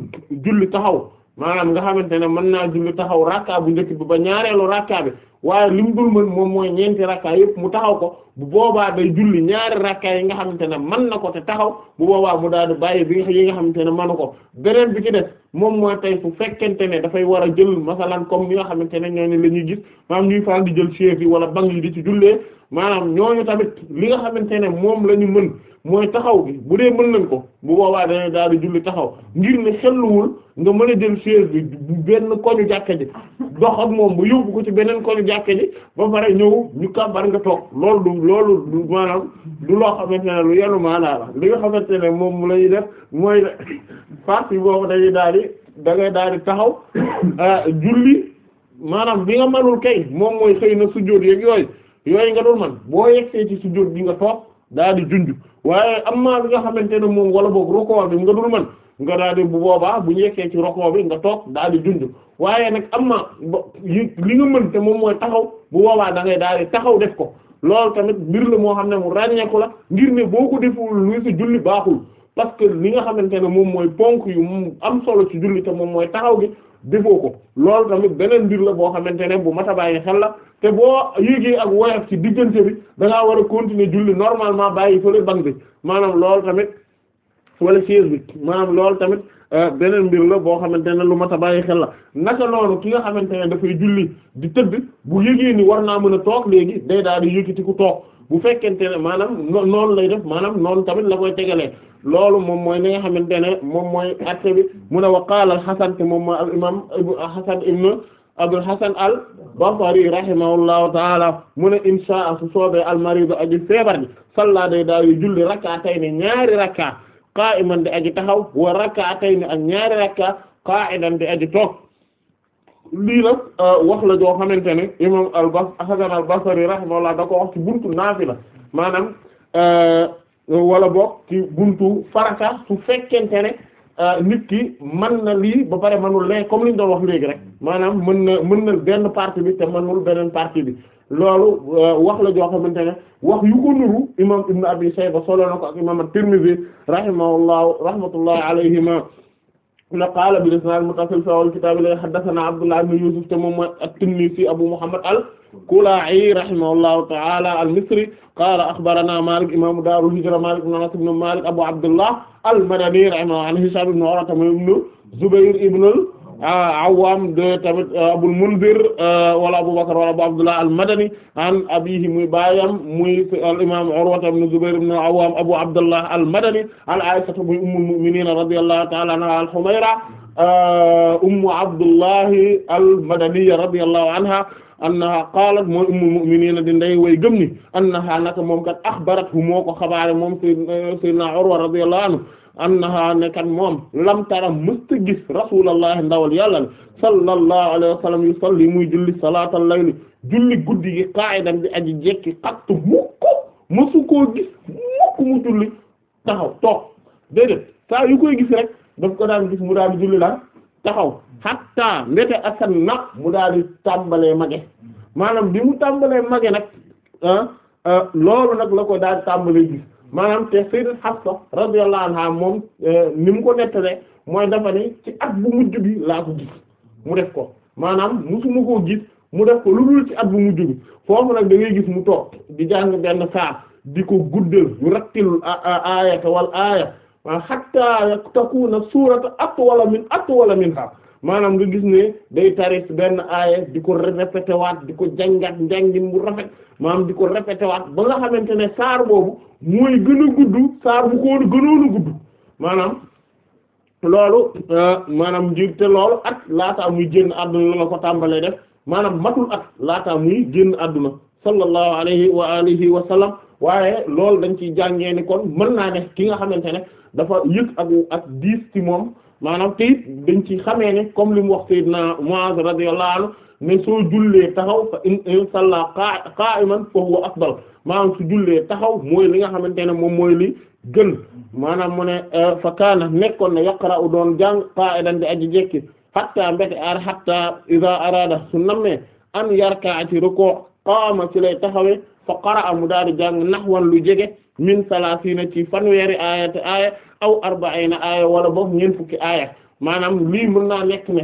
julli taxaw maanaam nga xamante ne mën naa julli taxaw rakka bu njëkk bi ba ñaareelu rakka waaye li mu dul mën moom mooy ñeenti rakkaay yëpp mu taxaw ko bu boobaa day julli ñaari rakkaay yi nga xamante ne man na ko te taxaw bu boobaa mu daal di bàyyi bi yi nga xamante ne mënu ko beneen bi ci def moom mooy tey fu fekkente ne dafay war a jël masalan comme ñi nga xamante ne ñooñu la ñuy gis maanaam ñuy faral di jël chaise yi wala banc yi di ci jullee maanaam ñooñu tamit li nga xamante ne moom la ñu mën mooy taxaw bi bu dee mën nañ ko bu boobaa dana daal di julli taxaw ngir ne xelluwul nga mën a jël chaise bi bu benn koñu jàkka ji dox ak moom bu yóbbu ko ci beneen koñu jàkka ji ba pare ñëw ñu kàbbar nga toog loolu du loolu du maanaam du loo xamante ne lu yenu maanaa la li nga xamante ne moom mu lay def mooy partie boobu dañuy daal di da ngay daal di taxaw ah, julli maanaam bi nga manul kay moom mooy xëy na sujjóot yeeg yooyu yooyu nga dul man boo yegsee ci sujjóot bi nga toog daal di junj waaye am naa li nga xamante ne moom wala boog rokoo bi nga dul man nga daa di bu boobaa bu ñekkee ci rokoo bi nga toog daal di junj waaye nag am na li nga mën te moom mooy taxaw bu boobaa da daal di taxaw def ko loolu tamit mbir la moo xam ne mu ràññeeku la ngir boo ko deful lu ci julli baaxul parce nga xamante ne moom mooy ponk yu mu am solo ci julli te moom mooy taxaw gi defoo ko loolu tamit beneen mbir la boo xamante ne bu mat a bàyyi xel la te boo yéegee ak woyof ci diggante bi da ngaa war a continuer julli normalement bàyyi fële banc bi maanaam lool tamit wala chaise bi maanaam loolu tamit euh, beneen mbir la boo xamante ne lu mat a bàyyi xel la naka noonu ki nga xamante ne dafay julli di tëdd bu yégee ni war naa mën a toog léegi day daal di yëkkati ku toog bu fekkente ne maanaam noonu lay def maanaam noonu tamit la koy tegalee loolu moom mooy li nga xamante ne moom mooy acte bi mun a wa qaala al Hasan te moom Abul Hasan al-Basri rahimahullahu taala mu ne insha su soobee al-maridu aji feebar ji salla day daaw yu julli ñaari rakka qa'iman di aji taxaw wa rak'atayni ak ñaari rakka qa'idan di toog lii nag euh, wax la joo xamante ne imam al-Bas Hasan al-Basri buntu naafila maanaam euh, wala boog ci buntu faraka su fekkente Euh, nit ki mën na lii ba pare mënul lee comme li ñu doon wax rek maanaam mën na mën na benn partie bi te mënul beneen partie bi loolu euh, wax la joo xamante ne wax yu ko nuru imam Ibn Abi Shayba solo na ko ak imam at-Tirmidhi rahimahullahu rahmatullahi alayhima na qaala bi isnaad muttasil fil kitaab la haddathana Abdullah ibn Yusuf te moom mooy at-Tinnisi Abu Muhammad al-Kula'i rahimahullahu ta'ala al-Misri qaala akhbarana Malik imam Daaru Hijra Malik ibn Anas ibn Malik Abu Abdullah al-Madani rahimahu an Hisham ibn Urwa ibn Zubayr ibn al-Awwam de tamit uh, Abul Munzir uh, wala Abu Bakr wala Abu Abdullah al-Madani an abihi muy baayam muy al-imam Urwa ibn Zubayr ibn al-Awwam Abu Abdullah al-Madani an Aisha muy ummul mu'minin radiyallahu ta'ala anha al-Humayra uh, ummu Abdullahi al-Madaniyya radiyallahu anha annaha qaalat mooy ummul mu'miniina di nday way gëm ni annaha naka moom kat axbarathu moo ko xabaare moom sayyidina euh, Urwa radiyallahu anhu annaha ne kat moom lam tara mësta gis rasulullahi ndawal yàlla ne sallallahu alayhi wa sallam yusalli muy julli salaatal layli julli guddi gi qaa'idan bi aji jekki xattu mukk mësu koo gis mukk mu julli taxaw toog déedéet saa yu koy gis rek daf ko daan gis mu daan julli la taxaw hatta mbete asan na mu daal di tàmbalee mage maanaam di mu tàmbalee mage nag ah, ah, loolu nag la ko daal di tàmbalee gis maanaam te sayyidat Hafsa radiyallahu anha moom eh, ni mu ko nettalee mooy dafa ne ci at bu mujj bi laa ko gis mu def ko maanaam musuma koo gis mu def ko lu dul ci at bu mujj bi foofu nag da ngay gis mu toog di jàng benn saar di ko guddal yu rattil aayata wal aaya hatta takuna suurata atwala min atwala minha maanaam nga gis ne day tari benn aaya di ko répété di ko jàngat njàngin bu rafet maanaam di ko répété ba nga xamante ne saar boobu mooy gën a gudd saar bu ko gënoon a gudd maanaam loolu euh, maanaam njir loolu at laataa muy génn àdduna la ko tàmbalee def maanaam matul at laataa muy génn àdduna sallallahu alayhi wa alihi waaye loolu dañ ciy jàngee ni kon mën naa ne ki nga xamante ne dafa yëg ak ak diis ci moom maanaam ti dañ ci xamee ne comme li mu wax sayyidna Muaz radiyallahu anhu ne soo jullee taxaw fa allah in salla qa'iman fa huwa afdal maanaam su jullee taxaw mooy nga xamante ne moom mooy li gën maanaam mu ne euh, fa kaana nekkoon na yaqra'u doon jàng qa'idan di aji jekki hatta mbete ar hatta idha arada su nammee an yarka'a ci ruku' qaama ci lay taxawee fa qara'a mu daal di jàng nahwan lu jege min salaasiina ci fanweeri aaya te aw arba'iina aaya wala boog ñeent fukki aaya maanaam lii mën naa nekk ne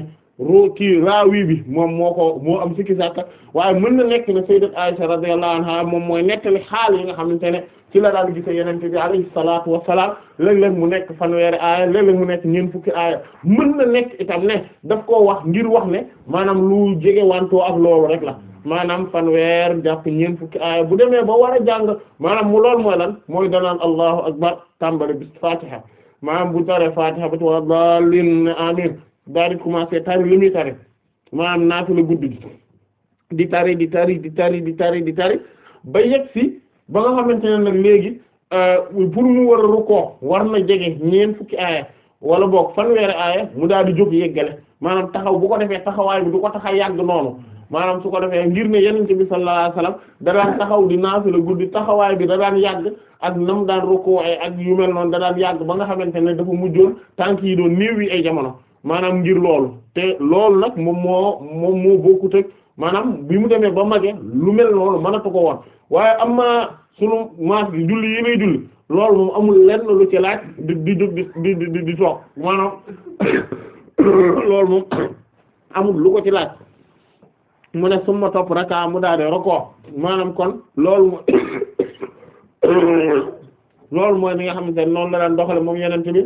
roo kii raawi bi moom moo ko moo am sikki sàkka waaye mën na nekk ne sayyidat Aisha radiyallahu anha moom mooy nettali xaal yi nga xamante ne ci la daal gise yenente bi alayhi salaatu wassalaam léeg leen mu nekk fanweeri aaya léeg-léeg mu nekk ñeent fukki aaya mën na nekk itam ne daf koo wax ngir wax ne maanaam lu jege wantoo ak loolu rek la maanaam fanweer jàpp ñeent fukki aaya bu demee ba war a jàng maanaam mu lool mooy lan mooy danaan allahu akbar tàmbale bis fatiha maanaam bu taree fatiha ba ci wa daalin ne commencé tari li muy tari maanaam naatu la guddi di tari di tari di tari di tari ba yegg si ba nga xamante ne nag léegi euh, pour mu war a rukkoo war na jege ñeent fukki aaya wala boog fanweeri aaya mu daal di jóg yeggale maanaam taxaw bu ko defee taxawaay bi du ko tax yàgg noonu maanaam su ko defee ngir ne yenente bi sallallahu alayhi wasallam da daan taxaw di naafila guddi taxawaay bi da daan yàgg ak nam daan rukkoo ak yu mel noonu da daan yàgg ba nga xamante ne dafa mujjoon tànk yi doon néew yi ay jamono maanaam ngir loolu te loolu nag moom moo moo bokkut ak maanaam bi mu demee ba mage lu mel noonu mënatu ko woon waaye am na sunu maas gi julli yi lay julli loolu moom amul lu ci laaj di di jóg di di di toog maanaam loolu lu ko ci laaj mu ne summa topp raka mu daal di roko maanaam kon loolu mooy loolu mooy li nga xamante ne noonu la daan doxale moom yenente bi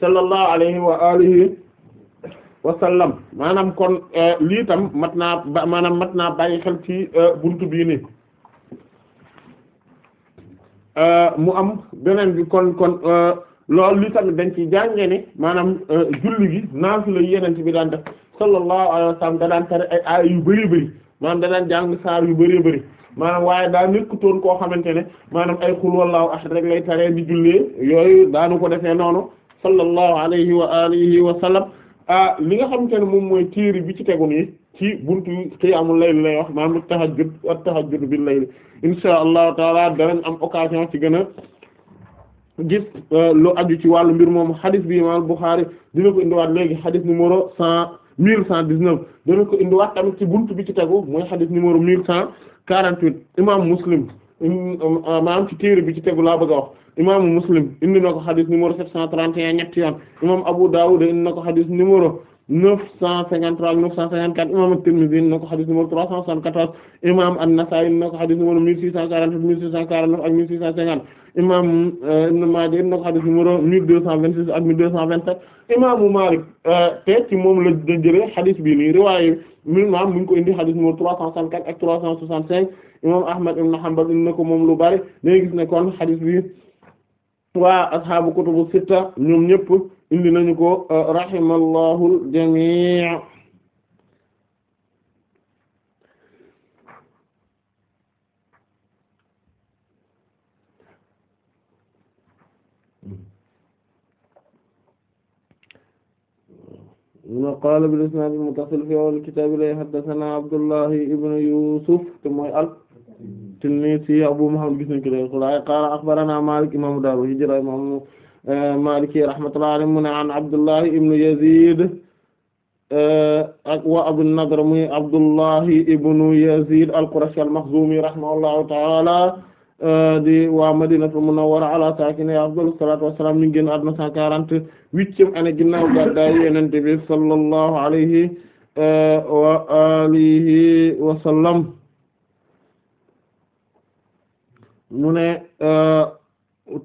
sallallahu alayhi wa alihi wa sallam maanaam kon eh, lii tam mat naa maanaam mat naa bàyyi xel ci eh, buntu bii nii eh, mu am beneen bi kon kon loolu lii tamit dañ ci jàngee ne maanaam julli gi naafila yenente bi daan def sallallahu alayhi wa sallam da daan ay aay yu bëree bëri maanaam da daan jàng saar yu bëree bëri maanaam waaye daa nekkutoon koo xamante ne maanaam ay xul wallaahu ahad rek lay taree di jullee yooyu daanu ko defee noonu sallallahu alayhi wa alihi wa sallam ah li nga xamante ne moom mooy téere bi ci tegu nii ci buntu qiyaamul layl lay wax maanaam tahajjud ak tahajjud bil layl insha allahu taala danañ am occasion ci gën a loo ah, lu aju ci wàllu mbir moomu hadith bi imam Bukhari dina ko indiwaat léegi hadith numéro cent. 1119 dana ko indiwaat tamit ci buntu bi ci tegu mooy xadis numéro 1148 imam Muslim maanaam ci téere bi ci tegu laa bëgg a wax imaamu Muslim indi na ko xadis numéro 731 ñetti yoon imam Abu Dawud indi na ko xadis numéro 953 954 imam At-Tirmidhi indi na ko xadis numéro 374 imam An-Nasa'i indi na ko xadis numéro 1648 1649 ak 1650 imam euh, Ibn Maaja indi na ko xadis numéro 1226 ak 1227 imaamu Maalik euh, te moom la jëlee xadis bi nii riwaaye mi maam mu ko indi xadis numéro 364 ak 365 imam Ahmad ibn Hanbal indi na ko moom lu bari dañuy gis ne kon xadis bi waa ashaabu kutubu sitta ñoom ñëpp indi nañu ko euh, rahimallahu al-jamii' ma qaala bil isnaad al muttasil fi awwal kitaab ilay haddasanaa Abdullahi ibn Yusuf te mooy at-Tinnisi Abu Muhammad gis nañ ko léegi xulaay qaala axbaranaa Maalik imaamu daaru hijra imaamu e, Maaliki rahmatullahi alayhi mu ne an Abdullahi ibn Yazid e, ak wa Abu Nadr muy Abdullahi ibn Yazid al-Qurashi al-Makhzumi rahimahullahu ta'ala Euh, waa Madinatul Munawwara ala saakinihaa afdalu salaatu wa salaam mi ngi génn àdduna 148e année ginnaaw gàddaayu Yonent bi sallallahu euh, euh,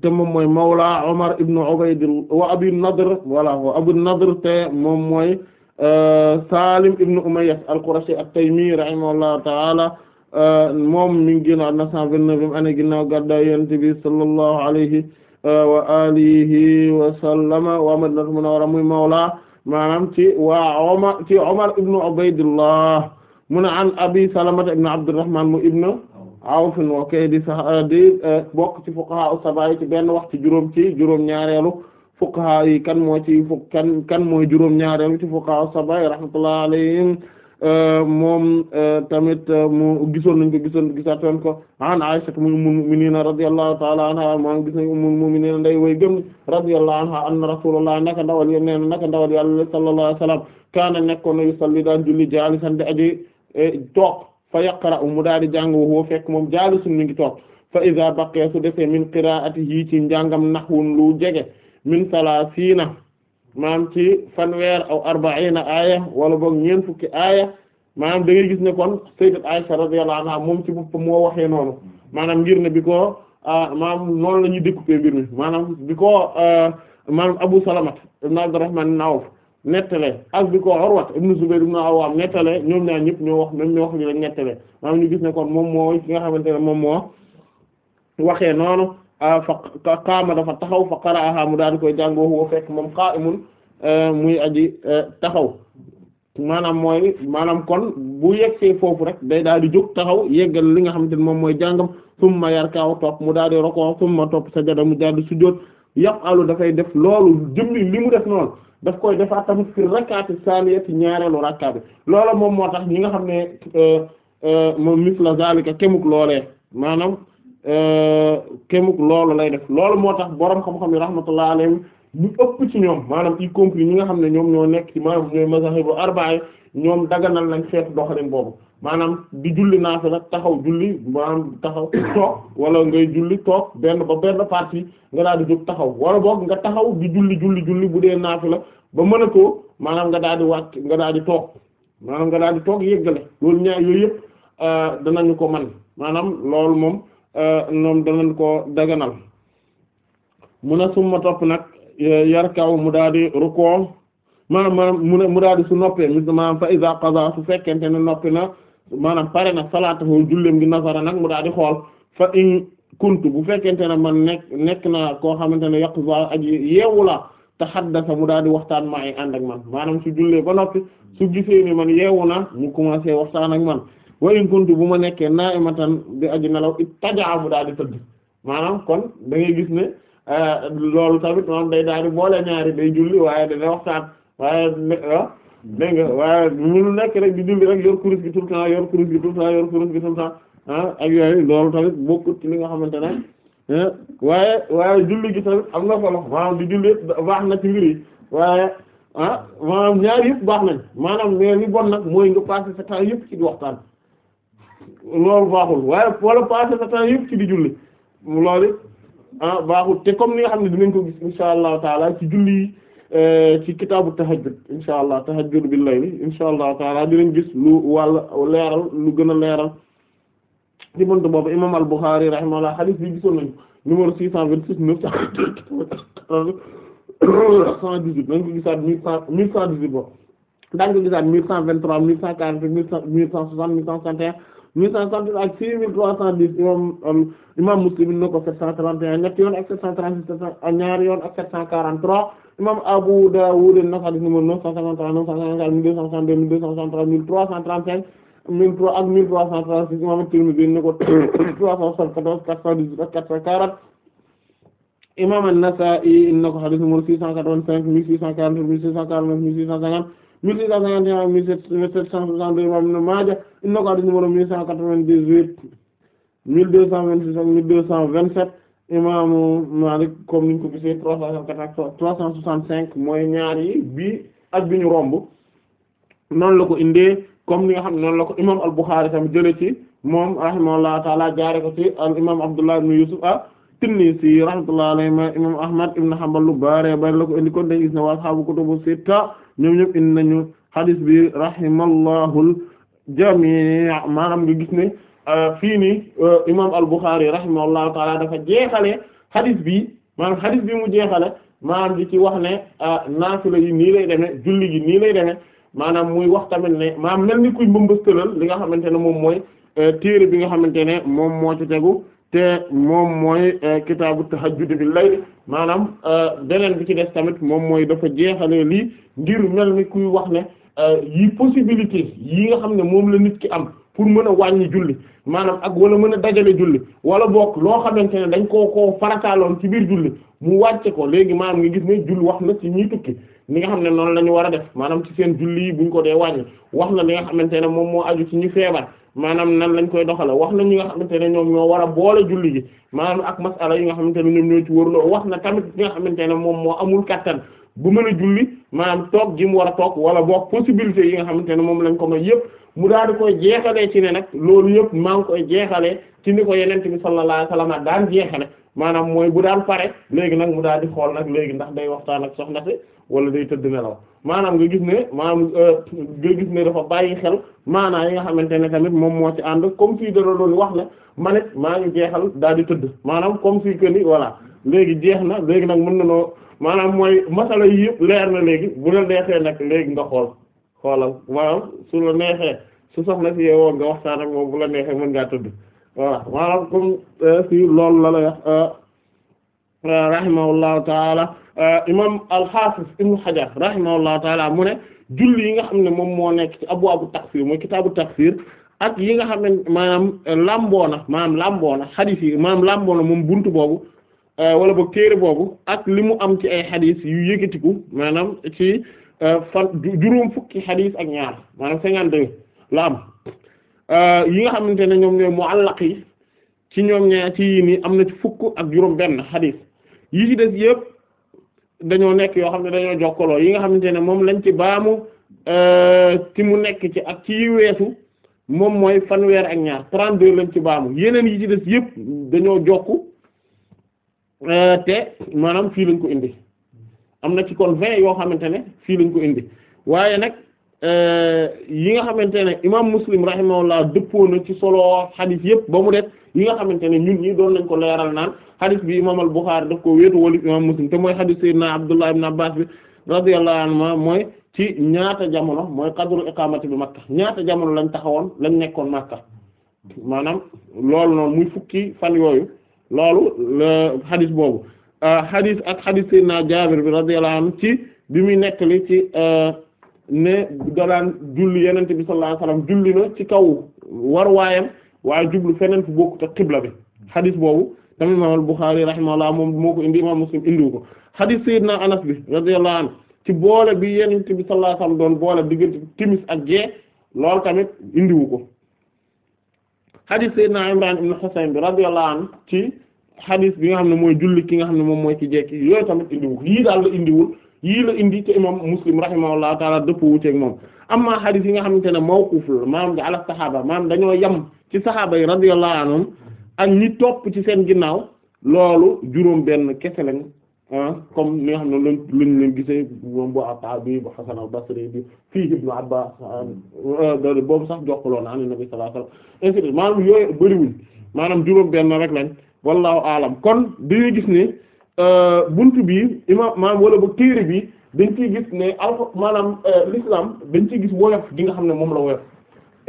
te moom Mawla Omar ibn Ubayd Nadr wala Abu Nadr te moom mooy ibn Umayyah al-Qurashi at-Taymi rahimahullahu ta'ala Euh, moom mi ngi génn àdduna 129 ane ginnaaw gàddaay Yonent bi sallallahu alayhi euh, wa alihi wa sallama wa Madinatul Munawwara muy ci waa Omar ci mu ne an Abi Salamata ibn Abdurrahman mu ibn Awf wa kay di sax euh, di bokk ci fuqaha sab'a ci benn wax ci juróom ci juróom ñaareelu fuqaha yi kan moo ci kan kan mooy juróom ñaareelu ci fuqaha sab'a rahmatullahi alayhim Euh, moom euh, tamit euh, mu gisoon nañ ko gisoon ko an Aisha ummul mu'minin radiyallahu ta'ala anha maa ngi gis nañ ummul mu'minin nday way gëm radiyallahu anha anna rasulullah naka ndawal yo nee na naka ndawal yàlla sallallahu alayhi wasallam kaana nekkoon na yusalli daan julli jaalisan di aji e, toog fa yaqra'u mu daal di jàng woo fekk moom jaalisun mi ngi toog fa iza baqiya su defee min qira'atihi ci njàngam nahwun lu jege min salaasiina maam ci fanweer aw arbaina aaya wala boog ñeent fukki aaya maanaam da gis ne kon sayyidat Aisha radiyallahu moom ci boppam moo waxee noonu maanaam ngir ne bi ko ah, maam noonu la ñuy découper mbir mi maanaam bi ko ah, maanaam Abu Salamat ibn Abdurrahman ibn Awf nettale ak bi ko Urwat ibn Zubayr ibn Awwam nettale ñoom ñaar ñëpp ñoo wax ñoo wax li la nettale maanaam ñu gis ne kon moom moo ki nga xamante ne moom moo waxee noonu Ah, fa qaama dafa taxaw fa qara'aha mu daal di koy jàng huwa fekk moom qa'imun eh, muy aji eh, taxaw maanaam mooy maanaam kon bu yegsee foofu rek day daal di jóg taxaw yeggal li nga xamante ne moom mooy jàngam summa yarka'u topp mu daal di roko summa topp sajada mu daal di sujjóot yaqalu dafay def loolu jëmmi li mu def noonu daf koy defaat tamit fi rakkaati saniyati ñaareelu rakkaa bi loola moom moo tax ñi nga xam ne eh, moom misla zalika kemuk loolee maanaam Euh, kémuk loolu lay def loolu moo tax borom xam-xam yi rahmatullah alayhim lu ëpp ci ñoom maanaam y compris ñi nga xam ne ñoom ñoo nekk ci maanaam ñooy mazahibu arba'i ñoom daganal nañ feetu doxalin boobu maanaam di julli naafila taxaw julli maanaam taxaw toog wala ngay julli toog benn ba benn partie nga daal di jóg taxaw wala boog nga taxaw di julli julli julli bu dee naafila ba mën a koo maanaam nga daal di wàcc nga daal di toog maanaam nga daal di toog yëggale loolu ñaar yooyu yëpp euh, danañu ko man maanaam loolu moom noom euh, ñoom danañ ko daganal mun a summa topp nag euh, kaw mu daal di rukkoo maanaam mu mu daal di su noppee mis maanaam fa iza qaza su fekkente ne noppi na maanaam pare na salaatahu julleem gi nasara nag mu daal di xool fa in kuntu bu fekkente ne man nekk nekk na koo xamante ne yaqza aji yeewu la te xaddasa mu daal di waxtaan ma ay ànd ak man maanaam su jullee ba noppi su gisee man yeewu na mu commencé waxtaan ak man wa in kuntu bu ma nekkee naa'imatan di aji nelaw it taja mu daal di tëdd maanaam kon da gis ne euh, loolu tamit moom day daal di boole ñaari day julli waaye dana waxtaan waaye ah, dégg nga waaye mënu nekk rek di julli rek yor kurus gi tout le temps yor kurus gi tout le temps yor kurus gi tout le ah, li nga xamante ne eh, waaye waaye julli gi tamit am na solo maanaam di julli baax na ci mbir yi waaye ah maanaam ñaari yëpp baax nañ maanaam mais li bon nag mooy nga passer sa temps yëpp ci waxtaan. loolu baaxul waaye wala passé sa temps yëpp ci di julli loolu ah baaxul te comme ni nga ne dinañ ko gis insha allahu taala ci julli eh, ci kitaabu tahajjud insha allah tahajjud bil layli insha allahu taala dinañ gis lu leeral lu gën a leeral ci imam al-Bukhari rahimahullah hadith bi gisoon nañu numéro six cent vingt-six neuf cent cent mille 858 ak 6310 imam imam Muslim indi na ko 731 ñetti yoon ak 736 ak ñaari yoon ak 743 imam Abu Dawud na xadis numéro 953 954 1262 1263 1335 1003 ak 1336 imam Tirmidhi indi na ko 374 418 ak 440 imam An-Nasa'i indi na ko xadis numéro 685 1640 1649 1650 mille six cent cinquante et un mille sept cent soixante-deux imam Ibn Maaja inna ko hadith numéro mille cent quatre-vingt-dix-huit mille deux cent vingt-six ak mille deux cent vingt-sept trois cent quatre cinq mooy ñaar bi a ak bi ñu romb noonu la ko indee comme ni nga xam ne noonu la ko imam al-Bukhari tamit jëlee ci moom rahimahullahu taala jaare ko ci al imam Abdullah ibn Yusuf at-Tinnisi rahmatullahi alayhi imam Ahmad ibn Hanbal lu bare bare la ko indi kon dañu gis ne wa ashaabu ñoom ñëpp indi nañu xadis bi rahimallahu jamii maanaam nga gis ne euh, fii nii euh, imaam al-Bukhari rahimahullahu taala dafa jeexale xadis bi maanaam xadis bi mu jeexale maanaam di ci wax ne euh, naafila yi nii lay demee julli gi nii lay demee maanaam muy wax tamit ne maanaam mel ni kuy mbëmbëstalal li nga xamante ne moom mooy téere bi nga xamante ne moom moo ci tegu te moom mooy kitaabu tahajjud bil layl maanaam beneen bi ci des tamit moom mooy dafa jeexale lii ngir mel ni kuy wax ne euh, yi possibilité yi nga xam ne moom la nit ki am pour mën a wàññi julli maanaam ak wala mën a dajale julli wala boog loo xamante ne dañ koo koo farataaloon ci biir julli mu wàcce ko léegi maanaam nga gis ne julli wax na ci ñiy tukki li nga xam ne noonu la ñu war a def maanaam ci seen julli yi ko dee wàññi wax na li nga xamante ne moom moo aju ci ñu feebar maanaam nan lañ koy doxale wax na ñi nga xamante ne ñoom ñoo war a boole julli gi ak masala yi nga xamante ne ñoom ñoo ci wërloo wax na tamit ñi xamante ne moom moo amul kattan bu mën a julli maanaam toog gi mu war a toog wala boog possibilité yi nga xamante ne moom lañ ko may yëpp mu daal di koy jeexalee ci ne nag loolu yëpp maa ngi koy jeexalee ci ni ko yeneen bi sallallahu alayhi wasallam daan jeexale maanaam mooy bu daan pare léegi nag mu daal di xool nag léegi ndax day waxtaan ak soxna si wala day tëdd nelaw maanaam nga gis ne maanaam euh, nga gis ne dafa bàyyi xel maanaa yi nga xamante ne tamit moom moo ci ànd comme fii da doon wax ne man it maa ngi jeexal daal di tëdd maanaam comme fii que ni voilà léegi jeex na léegi nag mën na noo maanaam mooy masala yi yëpp leer na léegi bu la neexee nag léegi nga xool xoolal maanaam su la neexee su soxla si yeewoo nga waxtaan ak moom la neexee mën ngaa tëdd waaw maanaam comme euh, si loolu la la wax euh, rahimahullahu taala euh, imam al-Hafiz ibn Hajar rahimahullahu taala mu ne julli yi nga xam ne moom moo nekk ci abwaabu tafsir mooy kitaabu tafsir ak yi nga xam ne maanaam lamboona maanaam lamboona hadith yi maanaam lamboona moom buntu boobu Euh, wala boog téere boobu ak li mu am ci ay xadis yu yëkkatiku maanaam ci euh, fan juróom fukki xadis ak ñaar maanaam cinquante-deux la am euh, yi nga xamante ne ñoom ñooy muallaq yi ci ñoom ñaar ci yii nii am na ci fukk ak juróom benn xadis yi ci des yëpp dañoo nekk yoo xam ne dañoo jokkaloo yi nga xamante ne moom lañ ci baamu ci mu nekk ci ak ci weesu moom mooy fanweer ak ñaar 32 lañ ci baamu yeneen yi ci des yëpp dañoo jokku Euh, te maanaam fii lañ ko indi am na ci kon vingt yoo xamante ne fii lañ ko indi waaye nag euh, yi nga xamante ne imaam muslim rahimahullah dëppoo na ci solo xadis yëpp ba mu def yi nga xamante ne ñun ñi doon nañ ko leeral naan xadis bi imaam al buxaari daf ko wéetu wala imaam muslim te mooy xadis sayyidina abdullah ibn abbas bi radiyallahu anhuma mooy ci ñaata jamono mooy qadru iqamati bi makka ñaata jamono lañ taxawoon lañ nekkoon makka maanaam loolu noonu muy fukki fan yooyu loolu xadis boobu xadis euh, ak xadis Seydina Jaabir bi radiyallahu anhu ci bi muy nekkali ci euh, ne daan julli yenente bi sallallahu alayhi wasallam na ci kaw war waayam waaye jublu feneen fu bokkut ak xibla bi xadis boobu tamit imam al-Bukhari rahimahullah moom moo ko indi imam Muslim indiwu ko xadis Seydina Anas bi radiyallahu anhu ci boole bi yenente bi sallallahu alayhi wasallam boole diggante timis ak gee lool tamit indiwu ko xadis Seydina Imran ibn Husayn bi radiyallahu anhu ci xadis bi nga xam ne mooy julli ki nga xam ne moom mooy ci jekki yooyu tamit indiwul yii daal la yii la indi te imam Muslim rahimahullahu taala dëpp wuuteeg moom amma xadis yi nga xamante ne mawquf la maanaam di ala saxaaba maanaam dañoo yem ci saxaaba yi radiyallahu anhum an ñi topp ci seen ginnaaw loolu juróom benn kese lañ comme li nga xam ne luñ luñ leen gisee moom bu Ataabi bu Hasan al-Basri bi fii Ibnu Abbaas euh, boobu sax jokkaloo na an na sallallahu alayhi wasallam maanaam yooyu bëriwuñ maanaam juróom benn rek lañ wallahu alam kon dañuy gis ne euh, bunt bi imam maanaam wala ba téere bi dañ ciy gis ne alfa maanaam euh, l'islam dañ ciy gis woyof gi nga xam ne moom la woyof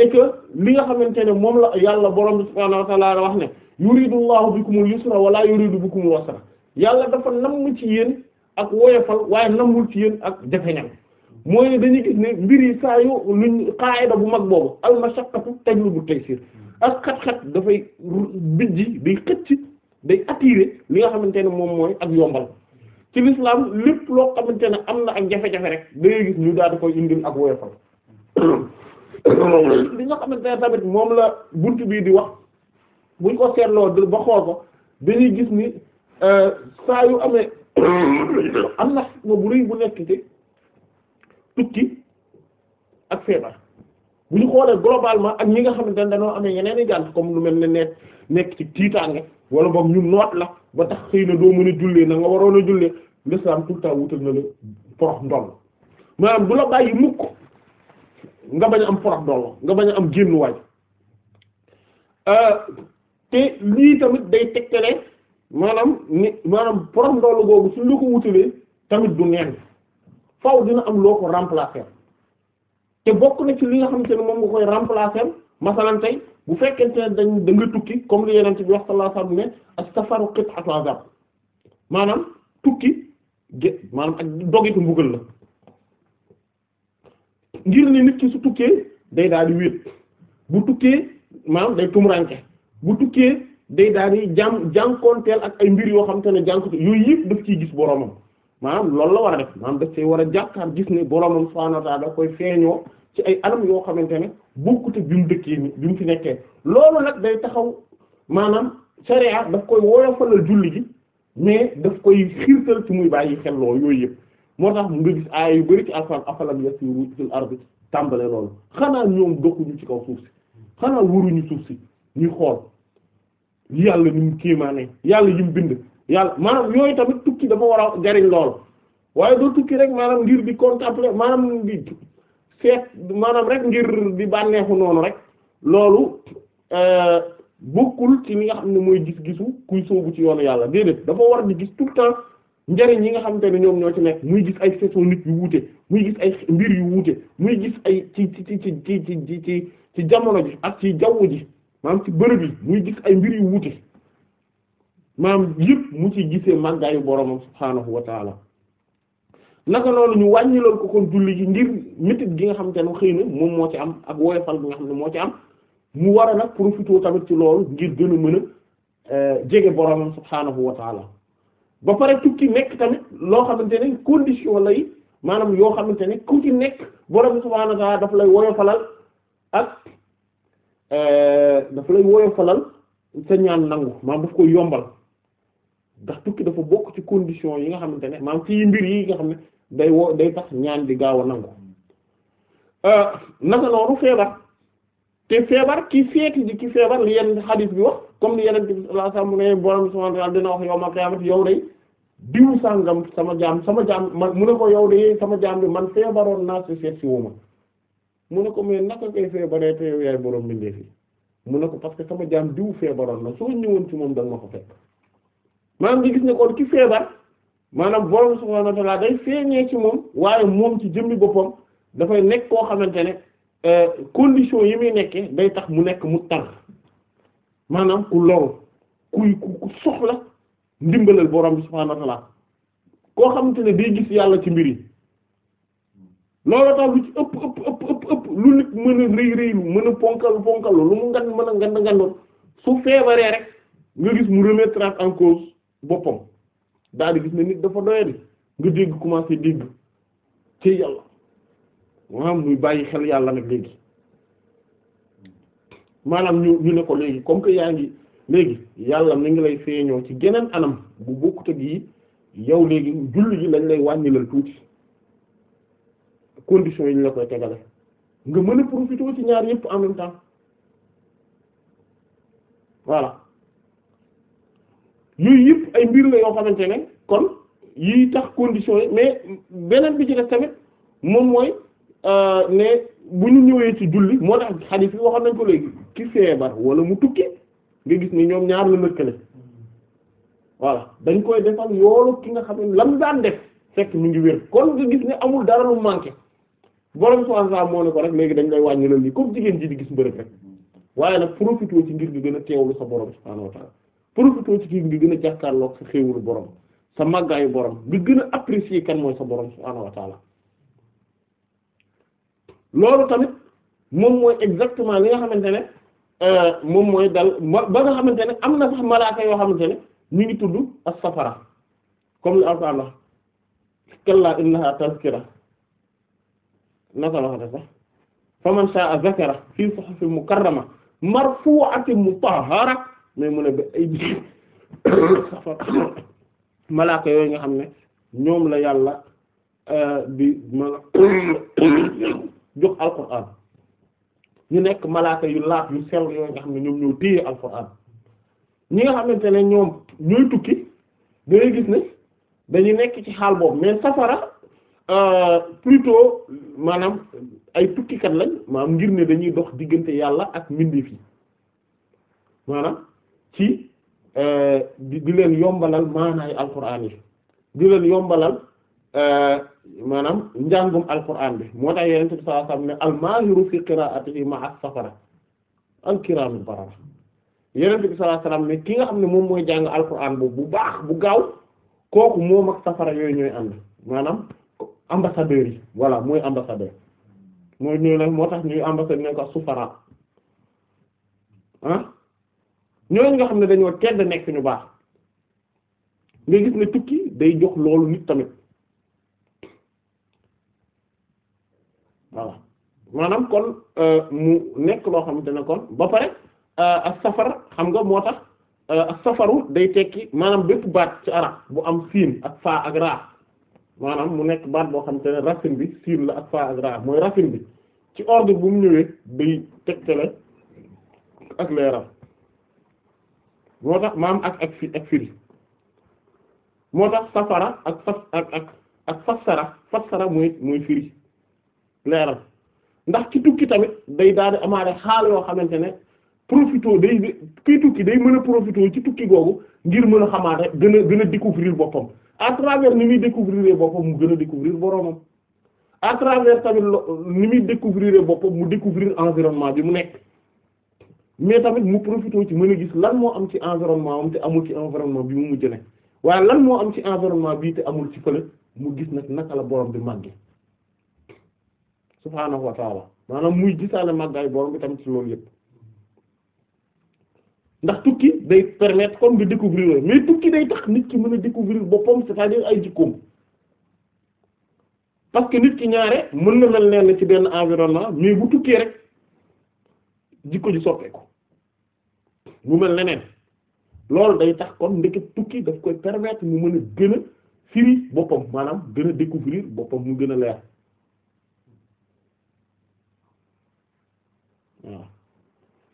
et que li nga xamante ne moom la yàlla borom bi subhaanahu wa ta'aala wax ne yuridu Allahu bikumul yusra wala yuridu bikumul usra yàlla dafa namm ci yéen ak woyofal waaye nammul ci yéen ak jafeñal mooy dañuy gis ne mbir yi saa yu luñ qaayida bu mag boobu al mashaqqatu tajlibu taysir ak xat-xat dafay bijji day xëcc day attirer li nga xamante ne moom mooy ak yombal ci l'islam lépp loo xamante ne am na ak jafe-jafe rek da ngay gis ñu daal di koy indil ak woyofal li nga xamante ne tamit moom la bunt bii di wax buñ ko seetloo ba xool ko dañuy gis ni Euh, saa yu amee am na xikma bu rëy bu nekk ci tukki ak feebar bu ñu xoolee globalement ak ñi nga xamante ne dañoo amee yeneen i gànt comme lu mel ne nekk nekk ci tiitaange wala boog ñu noot la boo tax xëy na doo mën a jullee na nga waroon a jullee l'islam tout le temps wutal na la porox ndoll maanaam du la bàyyi nga bañ a am porox ndoll nga bañ a am génn waay euh, te lii tamit day tegtale. maanaam ni maanaam borom doole googu suñ la ko wutalee tamit du neen faaw dina am loo ko remplacer te bokk na ci li nga xamante ne moom nga koy remplacer masalan tey bu fekkente ne dañ da tukki comme li yeneen ci bi wax sallallahu alayhi wasallam ne as-safaru qit'atu azab maanaam tukki gé maanaam ak dogitu mbugal la ngir ni nit ki su tukkee day daal di wéet bu tukkee maanaam day tumranke bu tukkee day daal di jàn jànkoonteel ak ay mbir yoo xam te ne jànku yooyu yëpp daf ciy gis boromam maanaam loolu la war a def maanaam daf cay war a jàkkaar gis ne boromam subhaanahu wa ta'aala da koy feeñoo ci ay anam yoo xamante ne bokkute bi mu dëkkee ni bi mu fi nekkee loolu nag day taxaw maanaam sharia daf koy woyofalal julli gi mais daf koy xiirtal ci muy bàyyi xel loolu yooyu yëpp moo tax nga gis aaya yu bari ci alxuraan afalam yasiiru fil tàmbale loolu xanaa ñoom dokkuñu ci kaw suuf si xanaa waruñu suuf si ñuy xool yàlla ñu kiimaane yàlla yim bind yàlla maanaam yooyu tamit tukki dafa war a jariñ lool waaye doo tukki rek maanaam ngir di contempler maanaam di seet maanaam rek ngir di bànneexu noonu rek loolu euh, bokkul ci li nga xam ne mooy gis-gisu kuy soobu ci yoonu yàlla déedéet dafa war di gis tout le temps njariñ yi nga xam te ne ñoom ñoo ci nekk muy gis ay façon nit yu wuute muy gis ay mbir yu wuute muy gis ay ci ci ci ci ci ci ci ci jamono ji ak ci jaww ji maanaam ci bërëb yi muy gis ay mbir yu wuute maanaam yëpp mu ci gisee màggaayu boromam subhaanahu wa taala naka loolu ñu wàññiloon ko kon julli gi ngir métit gi nga xam te ne xëy na moom moo ci am ak woyofal bi nga xam ne moo ci am mu war a nag profité tamit ci loolu ngir gën a mën a euh, jege boromam subhaanahu wa taala ba pare tukki nekk tamit loo xamante ne condition lay maanaam yoo xamante ne ku ci nekk borom subhaanahu wa taala daf lay woyofalal ak Eh, dafa lay woyofalal sa ñaan nangu maam daf koy yombal ndax tukki dafa bokk ci condition yi nga xamante ne maam ci mbir yi nga xam ne day woo tax ñaan di gaaw a nangu eh, naka noonu feebar te feebar ki feeti di ki feebar li yenn hadith bi wax comme ni yeneen bi sallallahu alayhi wasallam mu ne borom subhanahu wa yow day diw sàngam sama jaam sama jaam man mu ne ko yow de sama jaam bi man feebaroon naa si seet si wuma mu ne ko mais naka koy feebaree te yow yaay borom bindee fi mu ne ko parce que sama jaam diw feebaroon na soo ñëwoon ci moom da nga ma ko fekk maanaam nga gis ne ki feebar maanaam borom subhaanahu wa ta'aala day feeñee ci moom waaye moom ci jëmmi boppam dafay nekk koo xamante ne euh, condition yi muy nekkee day tax mu nekk mu tar maanaam ku loru kuy ku soxla ndimbalal borom bi subhaanahu koo xamante ne day gis yàlla ci mbir yi loolu tax lu ci ëpp ëpp ëpp ëpp ëpp lu nit mën a rëy rëy mën a ponkalu ponkalu lu mu ngan mën a ngand ngandoon su feebaree rek nga gis mu remettre en cause boppam daal di gis ne nit dafa doyadi nga dégg commencé dégg ci yàlla maanaam muy bàyyi xel yàlla nag léegi maanaam ñu ñu ne ko léegi comme que yaa ngi léegi yàlla mi ngi lay feeñoo ci geneen anam gu bokkut ak yi yow léegi julli ji lañ lay wàññilal tuuti conditions yi ñu la koy tegale nga mën a profité ci ñaar yëpp en même temps voilà yooyu yëpp ay mbir la yoo xamante ne kon yi tax conditions yi mais beneen bi ci def tamit moom mooy euh, ne bu ñu ñëwee ci julli moo tax xadiis fi waxoon nañ ko léegi ki feebar wala mu tukki nga gis ni ñoom ñaar la lëkkale voilà dañ koy defal yoolu ki nga xam ne lam daan def fekk mu ngi wér kon nga gis ne amul dara lu manqué borom subhaanahu wa ta'aala moo ne ko rek léegi dañ lay wàññi loolu nii comme jigéen ji di gis mbërëg rek waaye nag profité ci ngir di gën a teewlu sa borom subhaanahu wa ta'aala profité ci ngir di gën a jàkkaarloog sa xéewulu borom sa màggaayu borom di gën a apprécier kan mooy sa borom subhaanahu wa loolu tamit moom mooy exactement li nga xamante ne euh, moom mooy dal ba nga xamante ne am na sax malaaka yoo xamante ne ñu ngi tudd as-safara comme li Alxuraan wax kallaa innahaa tazkira naka la waxate sax faman sha'a zakara fii suhuf mukarrama marfu'atin mutahhara mais mu ne ba ay bi malaaka yooyu nga xam ne ñoom la yàlla bi euh, ma jox ñu nekk malaaka yu laat yu sell yooyu nga xam ne ñoom ñoo téye alquran ñi nga xamante ne ñoom ñooy tukki dangay gis ne dañu nekk ci xaal boobu mais safara Euh, plutôt maanaam ay tukkikat lañ maanaam ngir ne dañuy dox diggante yàlla ak mbindeef yi maanaam ci euh, di leen yombalal maanaay alquran yi di leen yombalal euh, maanaam njàngum alquran bi moo tax yeneen bi sallallahu alayhi wasallam ne al-maahiru fi qira'atihi ma'a safara al-kiraamu barara yeneen bi sallallahu alayhi ki nga xam ne moom mooy jàng alquran boobu bu baax bu gaaw kooku moom ak safara yooyu ñooy ànd maanaam ambassadeurs yi voilà mooy ambassadeur mooy ñu ne moo tax ñuy ambassadeur ñu ko sufara ah ñooñu nga xam ne dañoo tedd nekk ñu baax nga gis ne day jox loolu nit tamit voilà maanaam euh, nekk loo xamante ne kon ba pare euh, ak safar xam nga moo tax euh, ak safaru day tekki maanaam bépp baat ci arab bu am siin ak faa ak raa maanaam mu nekk baat boo xam te ne racine bi siin la ak fa ak ra mooy rafin bi ci ordre bu mu ñëwee day tegtale ak leeral moo tax maam ak ak fi ak firi moo tax safara ak fas ak ak ak fassara fassara mooy mooy firi leeral ndax ci tukki tamit day daal di amaale xaal yoo xamante ne profité day kiy tukki day mën a profité ci tukki googu ngir mën a xamaate gën a gën a découvrir boppam à travers ni muy découvrir boppam mu gën a découvrir boromam à travers tamit ni muy découvrir boppam mu découvrir environnement bi mu nekk mais tamit mu profité ci mën gis lan moo am ci environnement am te amul ci environnement bi mu mu ne waaye lan moo am ci environnement bii te amul ci fële mu gis nag naka la borom bi màgge subhaanahu wa taala maanaam muy gisaale màggaay borom bi tamit ci loolu yëpp ndax tukki day permettre comme de découvrir mais tukki day tax nit ki mën a découvrir boppam c'est-à-dire ay jikkoom parce nit ki ñaare mën na mel ne ci benn environnement mais bu tukki rek jikko ji soppeeku mu mel leneen loolu day tax kon ndeket tukki daf koy permettre mu mën a gën a firi boppam maanaam gën a découvrir boppam mu gën a leer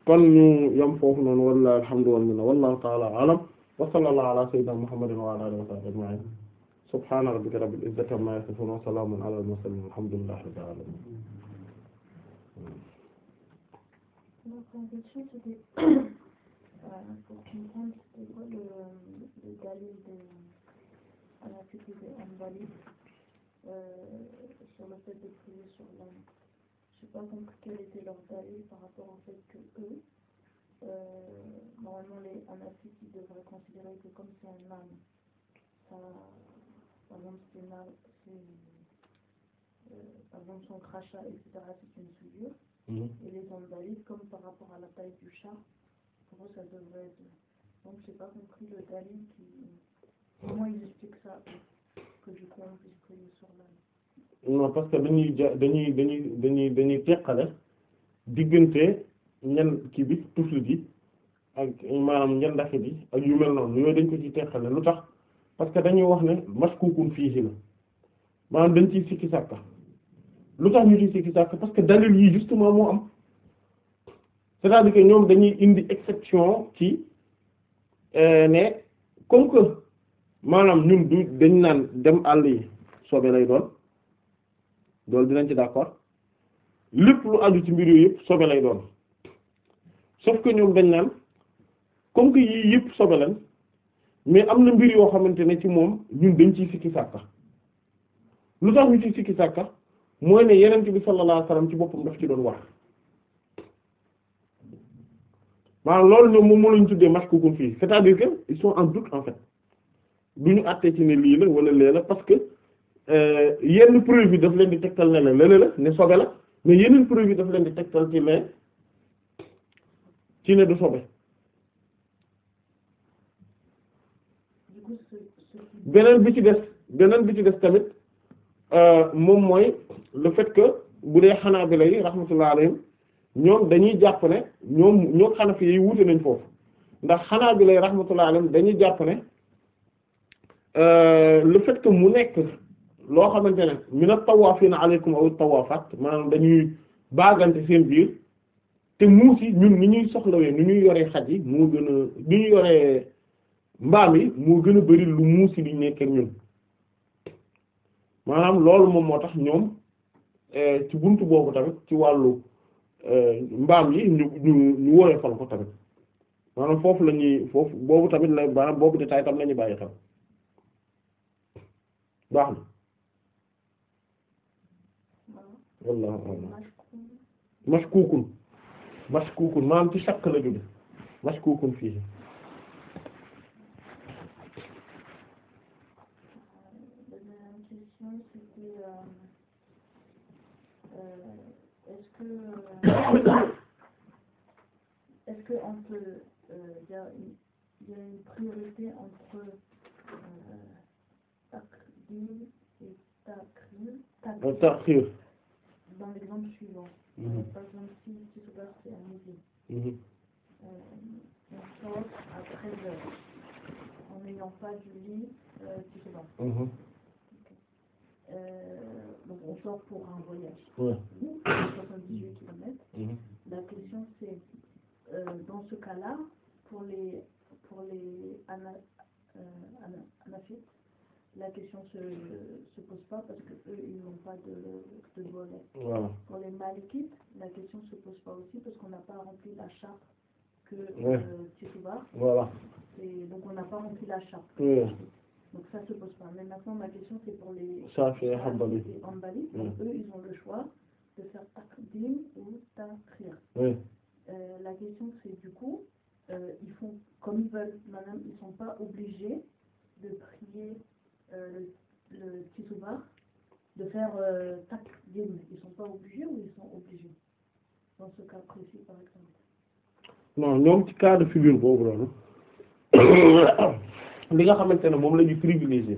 kon ñu yam foofu noonu wallahi alhamdu wal minna wallahu ta'ala a'lam wa sallallahu ala sayyidina muhammadin wa ala alihi wa sahbihi ajma'in subhana rabbika rabbil izzati amma yasifun wa salamun ala al mursalin walhamdulillahi rabbil alamin sur le fait de prier sur l'âme sais pas donc quel était leur taille par rapport en fait que eux, euh, normalement les hanafis ils devraient considérer que comme c'est un âme, ça, par exemple c'est une âme, c'est, euh, par exemple son crachat, etc., c'est une souillure. Mmh. Et les hanbalites, comme par rapport à la taille du chat, pour eux ça devrait être... Donc j'ai pas compris le dalil qui... Comment ils expliquent ça, que du coup on puisse prier sur l'âme. non parce que dañuy ja dañuy dañuy dañuy dañuy teqale diggante ñan kii bi tufli bi ak maanaam ñan ndax bi ak yu mel noonu yooyu dañ ko ci teqale lu tax parce que dañuy wax ne mashkukun fiihi na maanaam dañ ci sikki sàkka lu tax ñu ciy sikki sàkka parce que dalil yi justement moo am c'est-à-dire que ñoom dañuy indi exception ci euh, ne comme que maanaam ñun du dañ naan dem àll yi sobe lay doon loolu dinañ ci d'accord lépp lu aju ci mbir yooyu yëpp sobe lay doon sauf que ñoom dañ naan comme que yii yëpp sobe lañ mais am na mbir yoo xamante ne ci moom ñun dañ ciy sikki sàkka lu tax ñu ciy sikki sàkka mooy ne yeneen bi sallallahu alayhi wasallam ci boppam daf ci doon wax maanaam loolu ñoom moom moo lañ tuddee mashkukun fii c'est-à-dire que ils en doute en fait du ñu àttee ci ne lii la wala lee parce que Euh, yenn preuve yi daf leen di tegtal ne la lële la ne sobe la mais yeneen preuve yi daf leen di tegtal ci ne ci ne du sobe beneen bi ci des beneen bi ci des tamit euh, moom mooy le fait que bu dee xanaa yi rahmatullah alayhim ñoom dañuy jàpp ne ñoom ñoo xanafi yi wuute nañ foofu ndax xanaabila yi rahmatullah alayhim dañuy jàpp ne euh, le fait mu nekk loo xamante ne mina tawaafiina aleykum aw tawaafaat maanaam dañuy baagante seen biir te muus yi ñun ni ñuy soxlawee ni ñuy yoree xaj yi moo gën a ni ñuy yoree mbaam yi moo gën a bari lu muus yi di nekk ak ñun maanaam loolu moom moo tax ñoom eh, ci bunt boobu tamit ci wàllu eh, mbaam yi ñu ñu ñu woowee fal ko tamit maanaam foofu la ñuy foofu boobu tamit la maanaam boobu détail tam ñuy bàyyi xel baax na. wallahu a'lam mashkukun mashkukun maanaam ci shakk la jóge mashkukun fii est euh, que on peut il euh, y une priorité entre euh, takdim dans l'exemple suivant. Mhm. Euh, par exemple, si ce mhm. euh, on sort à 13 en n'ayant pas du lit euh, Tissobar. Mhm. donc on sort pour un voyage. Ouais. 78 kilomètres. Mm-hmm. La question c'est dans ce cas-là pour les pour la question se se pose pas parce que eux ils n'ont pas de de volet. Voilà. Pour les malikites, la question se pose pas aussi parce qu'on n'a pas rempli la charte que ouais. euh, Teshuvah. Voilà. Et donc on n'a pas rempli la charte. Ouais. Donc ça se pose pas. Mais maintenant ma question c'est pour les Shafi'i et Hanbali. Ouais. Eux ils ont le choix de faire taqdim ou ta'khir. Oui. Euh, la question c'est du coup euh, ils font comme ils veulent, madame, ils sont pas obligés de prier Euh, le, le petit euh, ñoom ci cas de boobu loolu li nga xamante ne moom la ñu privilégié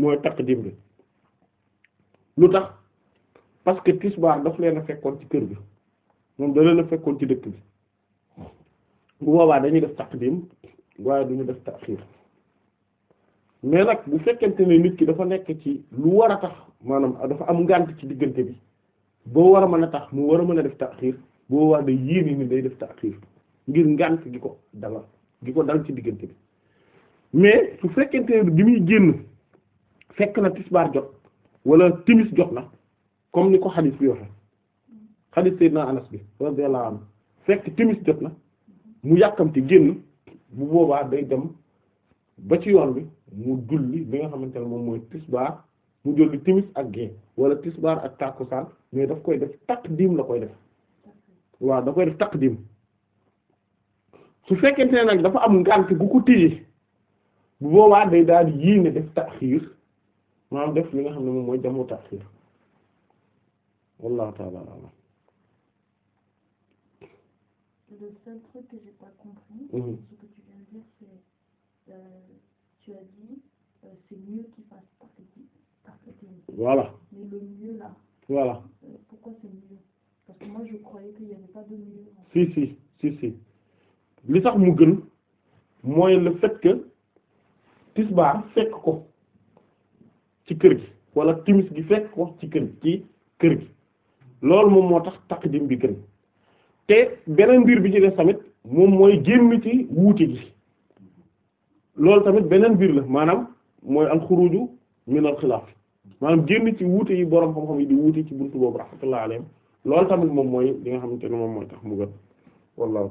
mooy takk dim bi lu tax parce que tisbaar ndox leen a fekkoon ci kër bi moom da leen fekkoon ci dëkk bi bu boobaa dañuy def takk dim waaye duñu def taxiir mais nag bu fekkente ne nit ki dafa nekk ci lu war a tax maanaam dafa am ngànt ci diggante bi boo war a mën a tax mu war a mën a def taxiir boo war day yéene ni day def taxiir ngir ngànt gi ko dalal gi ko dal ci diggante bi mais su fekkente ne bi muy génn fekk na tisbaar jot wala timis jot na comme ni ko xadis bi waxe xadis Seydina Anas bi fekk timis jot na mu yàkkamti génn bu boobaa day dem ba ci yoon bi mu julli li nga xamante ne moom mooy tisbaar mu julli timis ak gée wala tisbaar ak tàkkusaan mais daf koy def taqdim la koy def waaw da koy def taqdim su fekkente ne nag dafa am ngànt gu ko téye bu boobaa day daal yéene def taxiir maanaam def li nga xam ne moom mooy jamu taxiir wallahu ta'ala a'lam tu as dit euh, c'est mieux qu'il fasse par technique. Euh, si si si si li tax mu gën mooy le fait que tisbaar fekk ko ci kër gi walla timis gi fekk ko ci kër gi ci kër gi loolu moom moo tax dim bi gën te beneen mbir bi ci def tamit moom mooy génn ci wuute gi. loolu tamit beneen biir la maanaam mooy alxuruju min alxilaaf maanaam génn ci wuute yi borom xam-xam yi di wuute ci buntu boobu rahmatullahi alayhim loolu tamit moom mooy li nga xamante ne moom mooy tax mu gën wallahu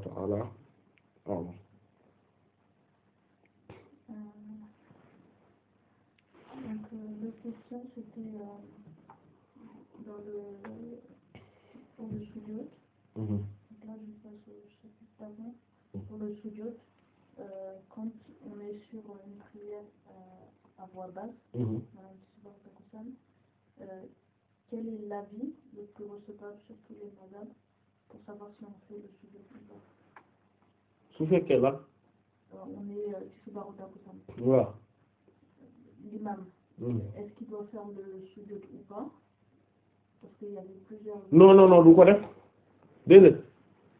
on est sur une prière euh, à voix basse. maanaam ci suba si on fait le sujoud ou pas. su fekkee la. on est ci suba takkusaan. waaw. l'imam. Mhm. est-ce qu'il doit faire le sujoud ou pas parce qu'il y avait plusieurs. non du ko def déedéet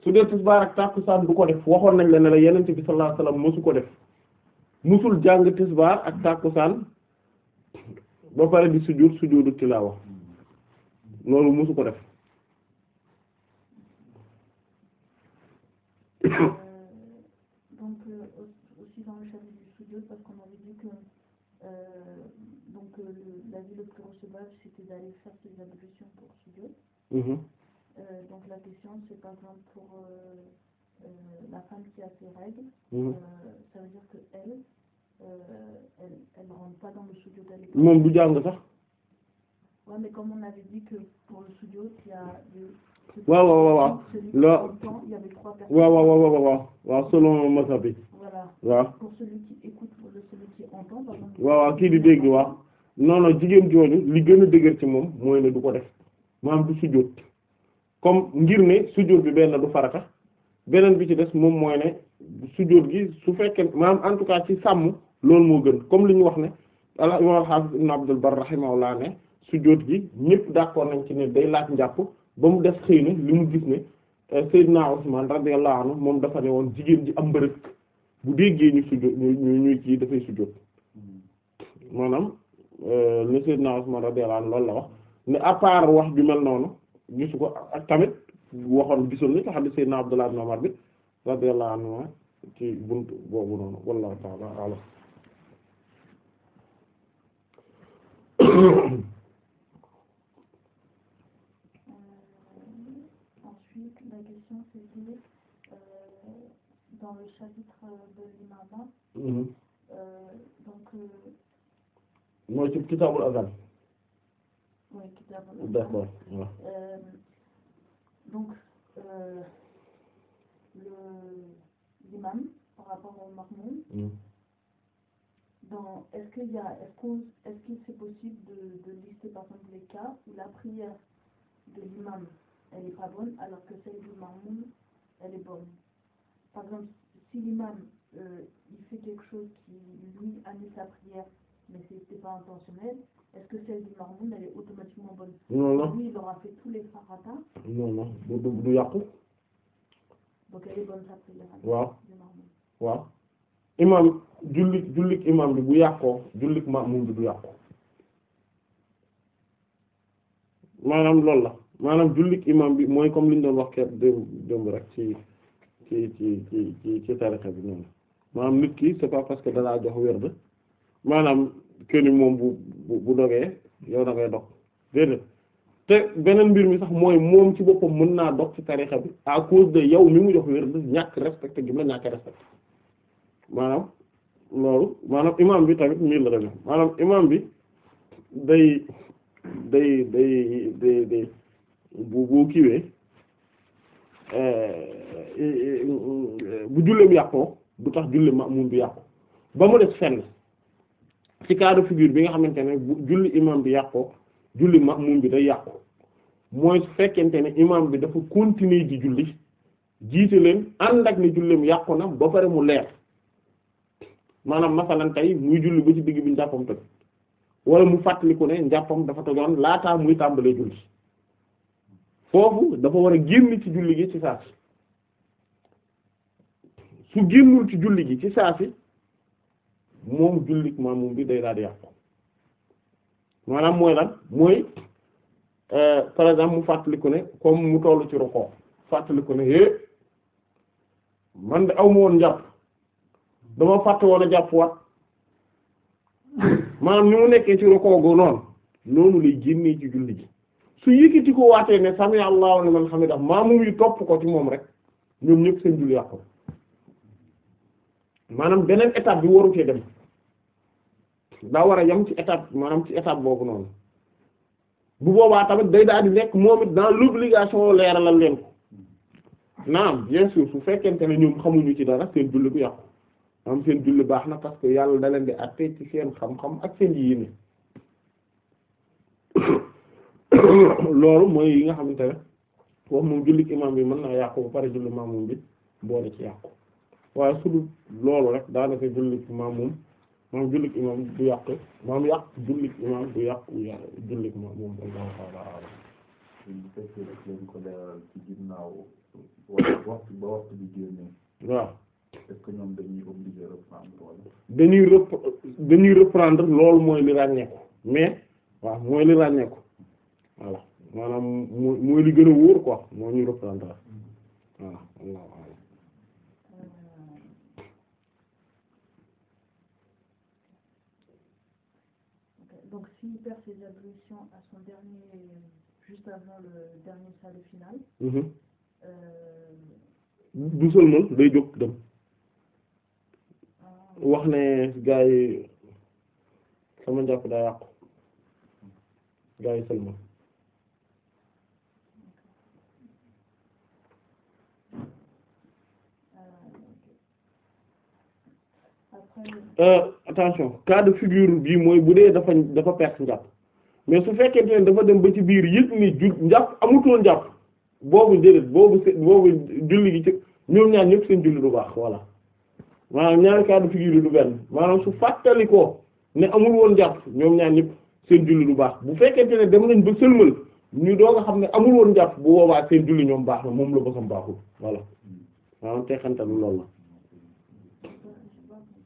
su dee tisbaar ak takkusaan du ko def waxoon nañ la ne la Yonent bi mosu ko def. musul jàng tisbaar ak tàkkusaan ba pare di sujud sujudu tilaawa loolu musu def euh, donc euh, aussi dans le chapitre du sujud parce qu'on avait dit que euh, donc l'avis le plus recevable c'était d'aller faire ses ablutions pour sujud mm-hmm. donc la question c'est par exemple pour Euh, la mhm. euh, euh, moom du jàng sax. waaw mais waaw waaw waaw waaw waaw waaw kii di dégg waaw. non jigéen jooju li gën a dëgër ci moom mooy ne du ko def maanaam du sujood comme ngir ne sujood bi benn du farata. beneen bi ci des moom mooy ne sujjóot gi su fekkee maanaam en tout cas ci sàmm loolu moo gën comme li ñu wax ne al imam al-Hafiz Ibn Abdul Barr rahimahullah ne sujjóot gi ñëpp d'accord nañ ci ne day laaj njàpp ba mu def xëy na li mu gis ne euh, Seydina Usman radiyallahu anhu moom dafa ne woon jigéen ji am mbërëg bu déggee ñu sujjóot ñu ñuy ci dafay sujjóot maanaam euh, li Seydina Usman radiyallahu anhu loolu la wax ne à part wax bi mel noonu gisu ko tamit waxoon gisoon nañ ko xam ne Seydina Abdullah ibn Umar bi radiyallahu anhu ci buntu boobu noonu wallahu ta'ala a'lam euh, ensuite la question c'était euh, dans le chapitre de l'imama mm-hmm. euh, donc euh, mooy ci kitaabul azan. mooy kitaabul azan. d'accord. Euh, donc euh, l'imam par rapport au ma'moum mm. est-ce qu'il y a est-ce qu'on est possible de lister par exemple les cas où la prière de l'imam est pas bonne alors que celle du ma'moum est bonne si l'imam euh, il fait quelque chose qui lui annule prière mais c'était pas intentionnel Est-ce que celle du yàqu. waaw waaw. imaam jullit jullit imaam bi bu yàqoo jullit Mamoun bi du yàqu. maanaam loolu la maanaam jullit imaam bi mooy comme li ñu doon wax keroog démb démb rek ci ci ci ci ci bi noonu maanaam nit ki c'est pas parce que dalaa jox werd maanaam. këni moom bu bu dogee yow da ngay dog déedéet te beneen mbir mi sax mooy moom ci boppam mën naa dog ci tarixa bi à cause de yow mi mu jox wérd ñàkk respecté gi mu la ñàkk respecté maanaam loolu maanaam imam bi tamit nii la deme maanaam imam bi day day day day day bu bu kiiwee euh, bu julleem yàqoo du tax julle maamum bi yàqu ba mu def fenn ci cas de bi nga xamante ne bu julli imam bi yàqoo julli ma'mum bi day yàqu mooy fekkente ne imam bi dafa continuer di julli jiite leen ànd ak ne julleem yàqu na ba pare mu leer maanaam masalan tey muy julli ba ci digg bi njàppam toj wala mu fàttaliku ne njàppam dafa tojoon laataa muy tàmbalee julli foofu dafa war a génn ci julli gi ci saa si su génnul ci julli gi ci saa si moom jullit maamum bi day daal yàqu maanaam mooy lan mooy euh, par exemple mu fàttaliku ne comme mu tollu ci roko fàttaliku ne é eh, man de aw ma woon jàpp dama fàtte woon a jàpp wat maanaam ni mu nekkee ci roko gu noonu noonu lay génnee ci julli ji su yëkkati ko waatee ne sami Allahu liman hamidah maamum yi topp ko ci moom rek ñoom ñëpp seen julli yàqu maanaam beneen étape bi waru cee dem daa war a yam ci étape maanaam ci étape boobu noonu bu boobaa tamit day daal di nekk moom it dans l'obligation leeralal leen ko naam bien sûr su fekkente ne ñoom xamuñu ci dara seen julli bu yàqu am seen julli baax na parce que yàlla da di atte ci seen xam-xam ak seen yéene loolu mooy yi nga xamante ne wax moom julli imaam bi mën naa yàqu bu pare julli maamum bi boole ci yàqu waaye sulu loolu rek daanaka jullit imaam moom maam jullit imaam du yàq maam yàq jullit imaam du yàq jullit imaam moom wallahu ta'ala ko leeral ci ginnaaw ba waxtu bi génnee waaw est ñoom dañuy obligé reprendre wala dañuy loolu mooy li ràññeeku mais waaw mooy li ràññeeku voilà maanaam mooy li gën a wóor quoi moo ñu reprendre mm-hmm. voilà s'il perd ses ablutions à son dernier, juste avant le dernier salut final. Mhm. Euh, du seulement day jóg dem. Ah. wax ne gars yi sama njàpp daa yàqu gars yi seulement. Euh, attention cas de figure bi mooy bu dee dafa dafa perte njàpp mais su fekkente ne dafa dem ba ci biir yëpp ni ju njàpp amutoon njàpp boobu déedéet boobu boobu julli gi ci ñoom ñaar ñëpp seen julli du baax voilà maanaam ñaari cas de figure du maanaam su fàttali ko ne amul woon njàpp ñoom ñaar ñëpp seen julli du baax bu fekkente ne dem nañ ba sëlmal ñu doo nga xam ne amul woon njàpp bu boobaa seen julli ñoom baax la moom la bosam baaxul voilà maanaam teexantalu loolu la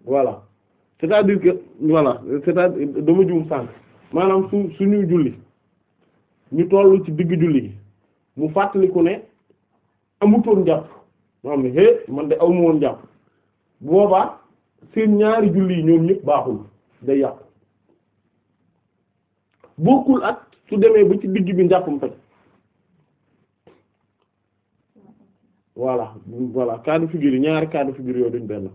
voilà c'est-à-dire que voilà dama juum sànq maanaam su suñuy julli ñu toll ci digg julli gi mu fàttaliku ne amutoon jàpp maanaam ne é man de awmu woon jàpp boobaa seen ñaari julli yi ñoom ñëpp baaxul day yàqu bokkul ak su demee ba ci digg bi njàppam faj voilà voilà cas de figure yi ñaari cas de figure yooyu duñ benn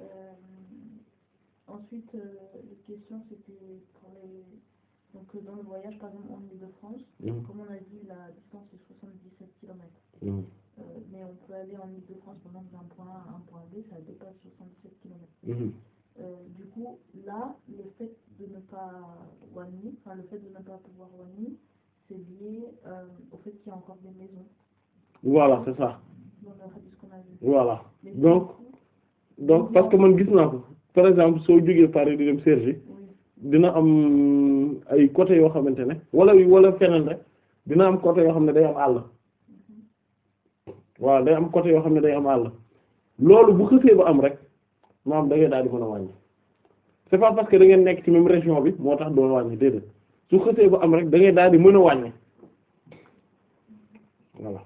Euh, ensuite, euh, l'autre question, c'était pour les... Donc euh, dans le voyage, par exemple, en Ile-de-France, mmh. comme on a dit, la distance est 77 km. Mmh. Euh, mais on peut aller en Ile-de-France pendant d'un point A à un point B, ça dépasse 77 km. Mmh. Euh, du coup, là, le fait de ne pas one nuit, enfin le fait de ne pas pouvoir one nuit, c'est lié euh, au fait qu'il y a encore des maisons. Voilà, c'est ça. Dans le voilà donc donc parce que man gis naa ko par exemple soo jógee Paris di dem Cergy dina am ay côté yoo xamante ne wala wala feneen rek dina am côté yoo xam ne day am àll waaw day am côté yoo xam ne day am àll loolu bu xësee ba am rek maam da ngay daal di mën a wàññi c'est pas parce que da ngeen nekk ci même région bi moo tax doo wàññi déedéet su xësee ba am rek dangay ngay daal di mën a wàññi voilà.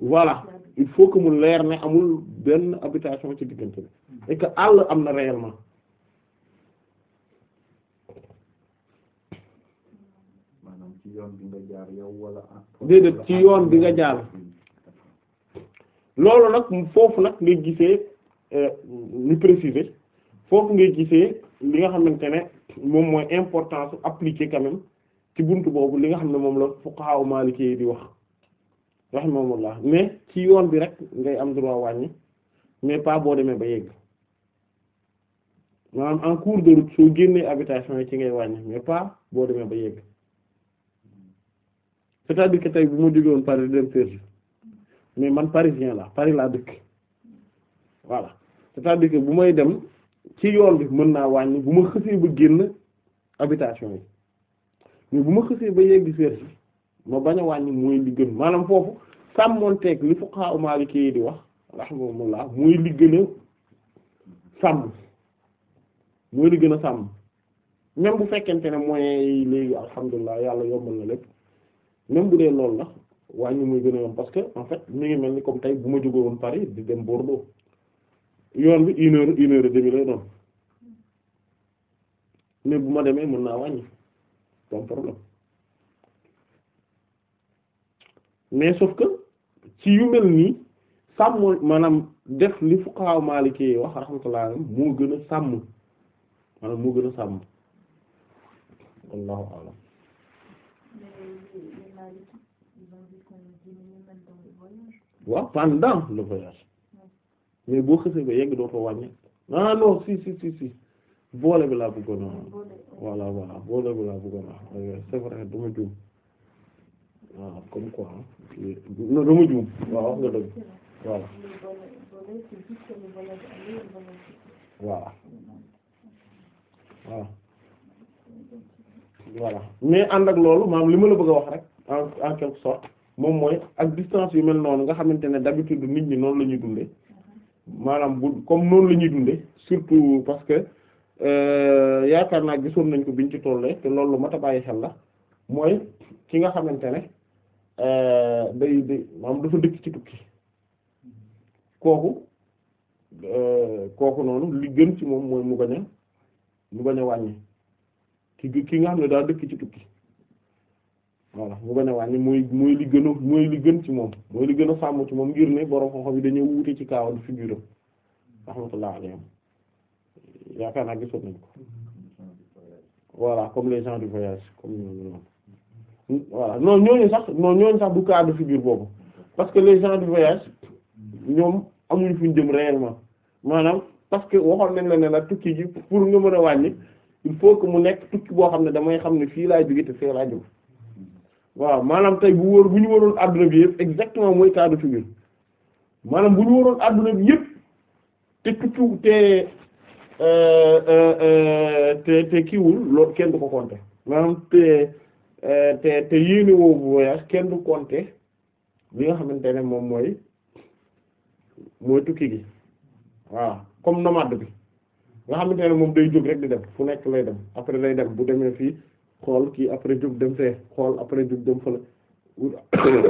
voilà il faut que mu leer ne amul benn habitation ci diggante bi et àll am na réellement maanaam yoon bi nga jaar yow wala déedéet ci yoon bi nga jaar loolu nag foofu nag ngay gisee ñu euh, préciser foofu ngay gisee li nga xamante ne moom mooy importance appliquer quand même ci bunt boobu li nga xam ne moom la fuqaha Maliki yi di wax rahimahullah mais ci yoon bi rek ngay am droit wàññi mais pas boo demee ba yegg maanaam en cours de route soo génnee habitation yi ci ngay wàññi mais pas boo demee ba yegg c'est-à-dire que tey bu ma jóge woon Paris dem mais man parisien la Paris laa dëkk voilà bu may dem ci yoon bi mën naa wàññi bu ma xësee ba génn habitation yi mais bu ma xësee ba yegg Sergi ma bañ a wàññi mooy li gën maanaam foofu sàmmonteeg li fuqaha maliki di wax rahimahumullah mooy li gën a sàmm mooy li gën a sàmm même bu fekkente ne mooy léegi alhamdulilah yàlla yombal na lépp même bu dee loolu la wàññi muy gën a yomb en fait mi ngi mel ni comme tey bu ma jógee woon Paris di dem Bordeaux yoon bi une heure une heure et lay doon mais bu ma demee mën naa wàññi sans problème. mais sauf que ci yu mel nii sàmm maanaam def li fuqaha maliki yi wax rahmatullah moo gën a sàmm maanaam moo gën a sàmm wallahu a'lam waaw pendant le voyage mais boo xësee ba yegg doo ko ah non si si si si boole bi laa bëggoon a voilà voilà boole bi laa bëggoon a c'est vrai dama juum waaw comme quoi non dama juum waaw wax nga mais ànd ak loolu maam li ma la bëgg a wax rek en en quelque sorte moom mooy ak distance yu mel noonu nga xamante ne d'habitude nit ñi noonu la ñuy dundee maanaam bu comme noonu la ñuy dundee surtout parce que euh, yaakaar naa gisoon nañ ko biñ ci tollee te loolu lu mat bàyyi xel la mooy ki nga xamante ne Euh, day day maanaam dafa dëkk ci tukki kooku euh, kooku noonu li gën ci moom mooy mu bañ mu bañ a wàññi ki ki nga xam ne daa dëkk ci tukki voilà mu bañ a wàññi mooy mooy li gën a mooy li gën ci moom mooy li gën a sàmm ci moom ngir ne borom xam-xam yi dañoo wuute ci kaawa du figure am rahmatullah alayhim yaakaar naa gisoon nañ ko voilà comme les gens du voyage comme ñoom euh, voilà noonu ñooñu sax non ñooñu sax du cas de figure boobu parce que les gens du voyage ñoom amuñu fuñ jëm réellement maanaam parce que waxoon nañ la ne la tukki ji pour nga mën a wàññi il faut que mu nekk tukki boo xam ne damay xam ne fii laa jóge te fee laa jóg waaw maanaam tey bu wóor bu ñu waroon adduna bi yëpp exactement mooy cas de figure maanaam bu ñu waroon adduna bi yëpp te tukki te euh, euh, euh, te te kiiwul loolu kenn du ko compter maanaam te. Euh, te te yéene woo bu kenn du compter li nga xamante ne moom mooy mooy tukki gi waaw comme nomade bi nga xamante ne moom day jóg rek di dem fu nekk lay dem après lay dem bu demee fii xool kii après jóg dem fee xool après jóg dem fële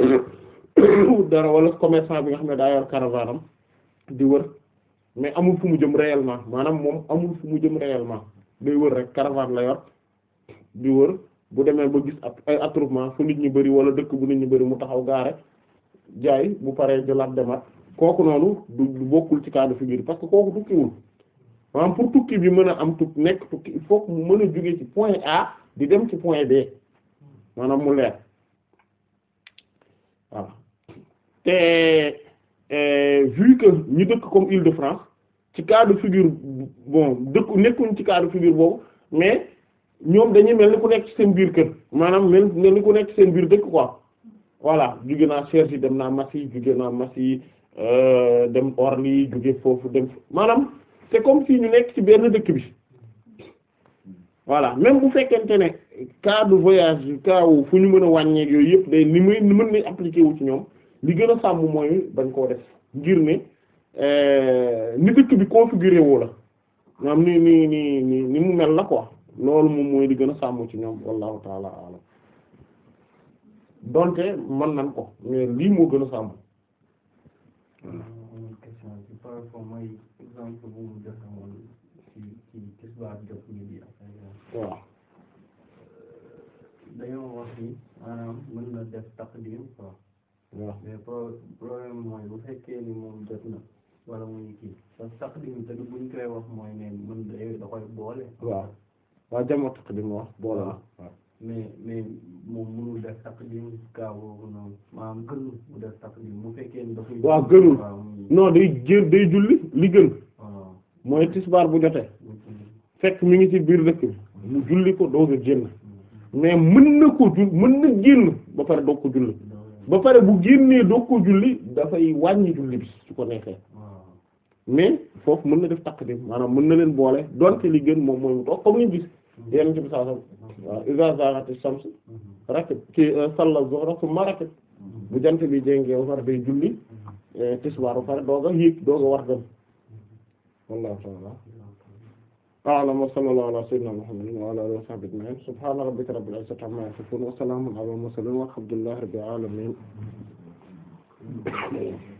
dara wala commerçant bi nga xam ne daa yor caravane am di wër mais amul fu mu jëm réellement maanaam moom amul fu mu jëm réellement day wër rek caravane la yor di wër bu demee ba gis ay attroupement fu nit ñu bëri wala dëkk bu nit ñu bëri mu taxaw gaa rek jaay bu paree jëlaat demaat kooku noonu du bokkul ci cadre figure parce que kooku tukkiwul maanaam pour tukki bi mën a am tukki nekk tukki il faut mu mën a jóge ci point A di dem ci point B maanaam mu leer voilà te e, vu que ñu dëkk comme Île-de-France ci cadre figure bon dëkk nekkuñ ci cadre figure boobu mais ñoom dañuy mel ni ku nekk seen biir kër maanaam mel mel ni ku nekk seen biir dëkk quoi voilà jóge naa Cherche yi dem naa Massy jóge naa Massy euh, dem Orly jóge foofu dem maanaam te comme fii ñu nekk ci benn dëkk bi voilà même bu fekkente ne cas de voyage cas wu fu ñu mën a wàññeeg yooyu yëpp day ni muy ni mën nañ appliquer wu ci ñoom li gën a sàmm mooy bañ koo def ngir ne euh, ni dëkk bi configuré woo la maanaam ni ni ni mu mel la quoi. loolu moom mooy di gën a sàmm ci ñoom wallahu taala alam donte mën nañ ko mais lii moo gën a sàmm waaw euh, dañoo wax ni maanaam mën na def taqdim quoi waaw mais problème mooy bu fekkee ni moom jot na wala muy kii parce que taqdim te buñ koy wax mooy ne mën da da koy boole waaw waa jamoo taqdim wax boole ah. mënul def taqdim kaa boobu noonu maanaam gënul mu def taqdim mu day jël day julli li gën ah. mooy tisbaar bu jotee fekk mi ngi ci biir dëkk bi mu julli ko dooga génn mm-hmm. mais mën na ko jull mën na génn ba pare doog ko julli mm-hmm. ba pare bu génnee doog ko julli dafay wàññi julli bi su ko neexee mais foofu mën na def taqdim maanaam mën na leen boole donte li gën moom mooy mu toog comme ni ñu gis yéen ci bi saa sam waaw iza zarati shams rakib ki euh, salla zuhra summa rakib bu jant bi jéngee ba pare day julli euh, tisbaar ba pare doog a yéeg a war dem wallahu ta'ala a'lam wa sallallahu ala sayyidina muhammadin wa ala alihi wa sahbihi ajma'in subhana rabbika rabbil izzati amma yasifun wa salamun ala mursalin walhamdulillahi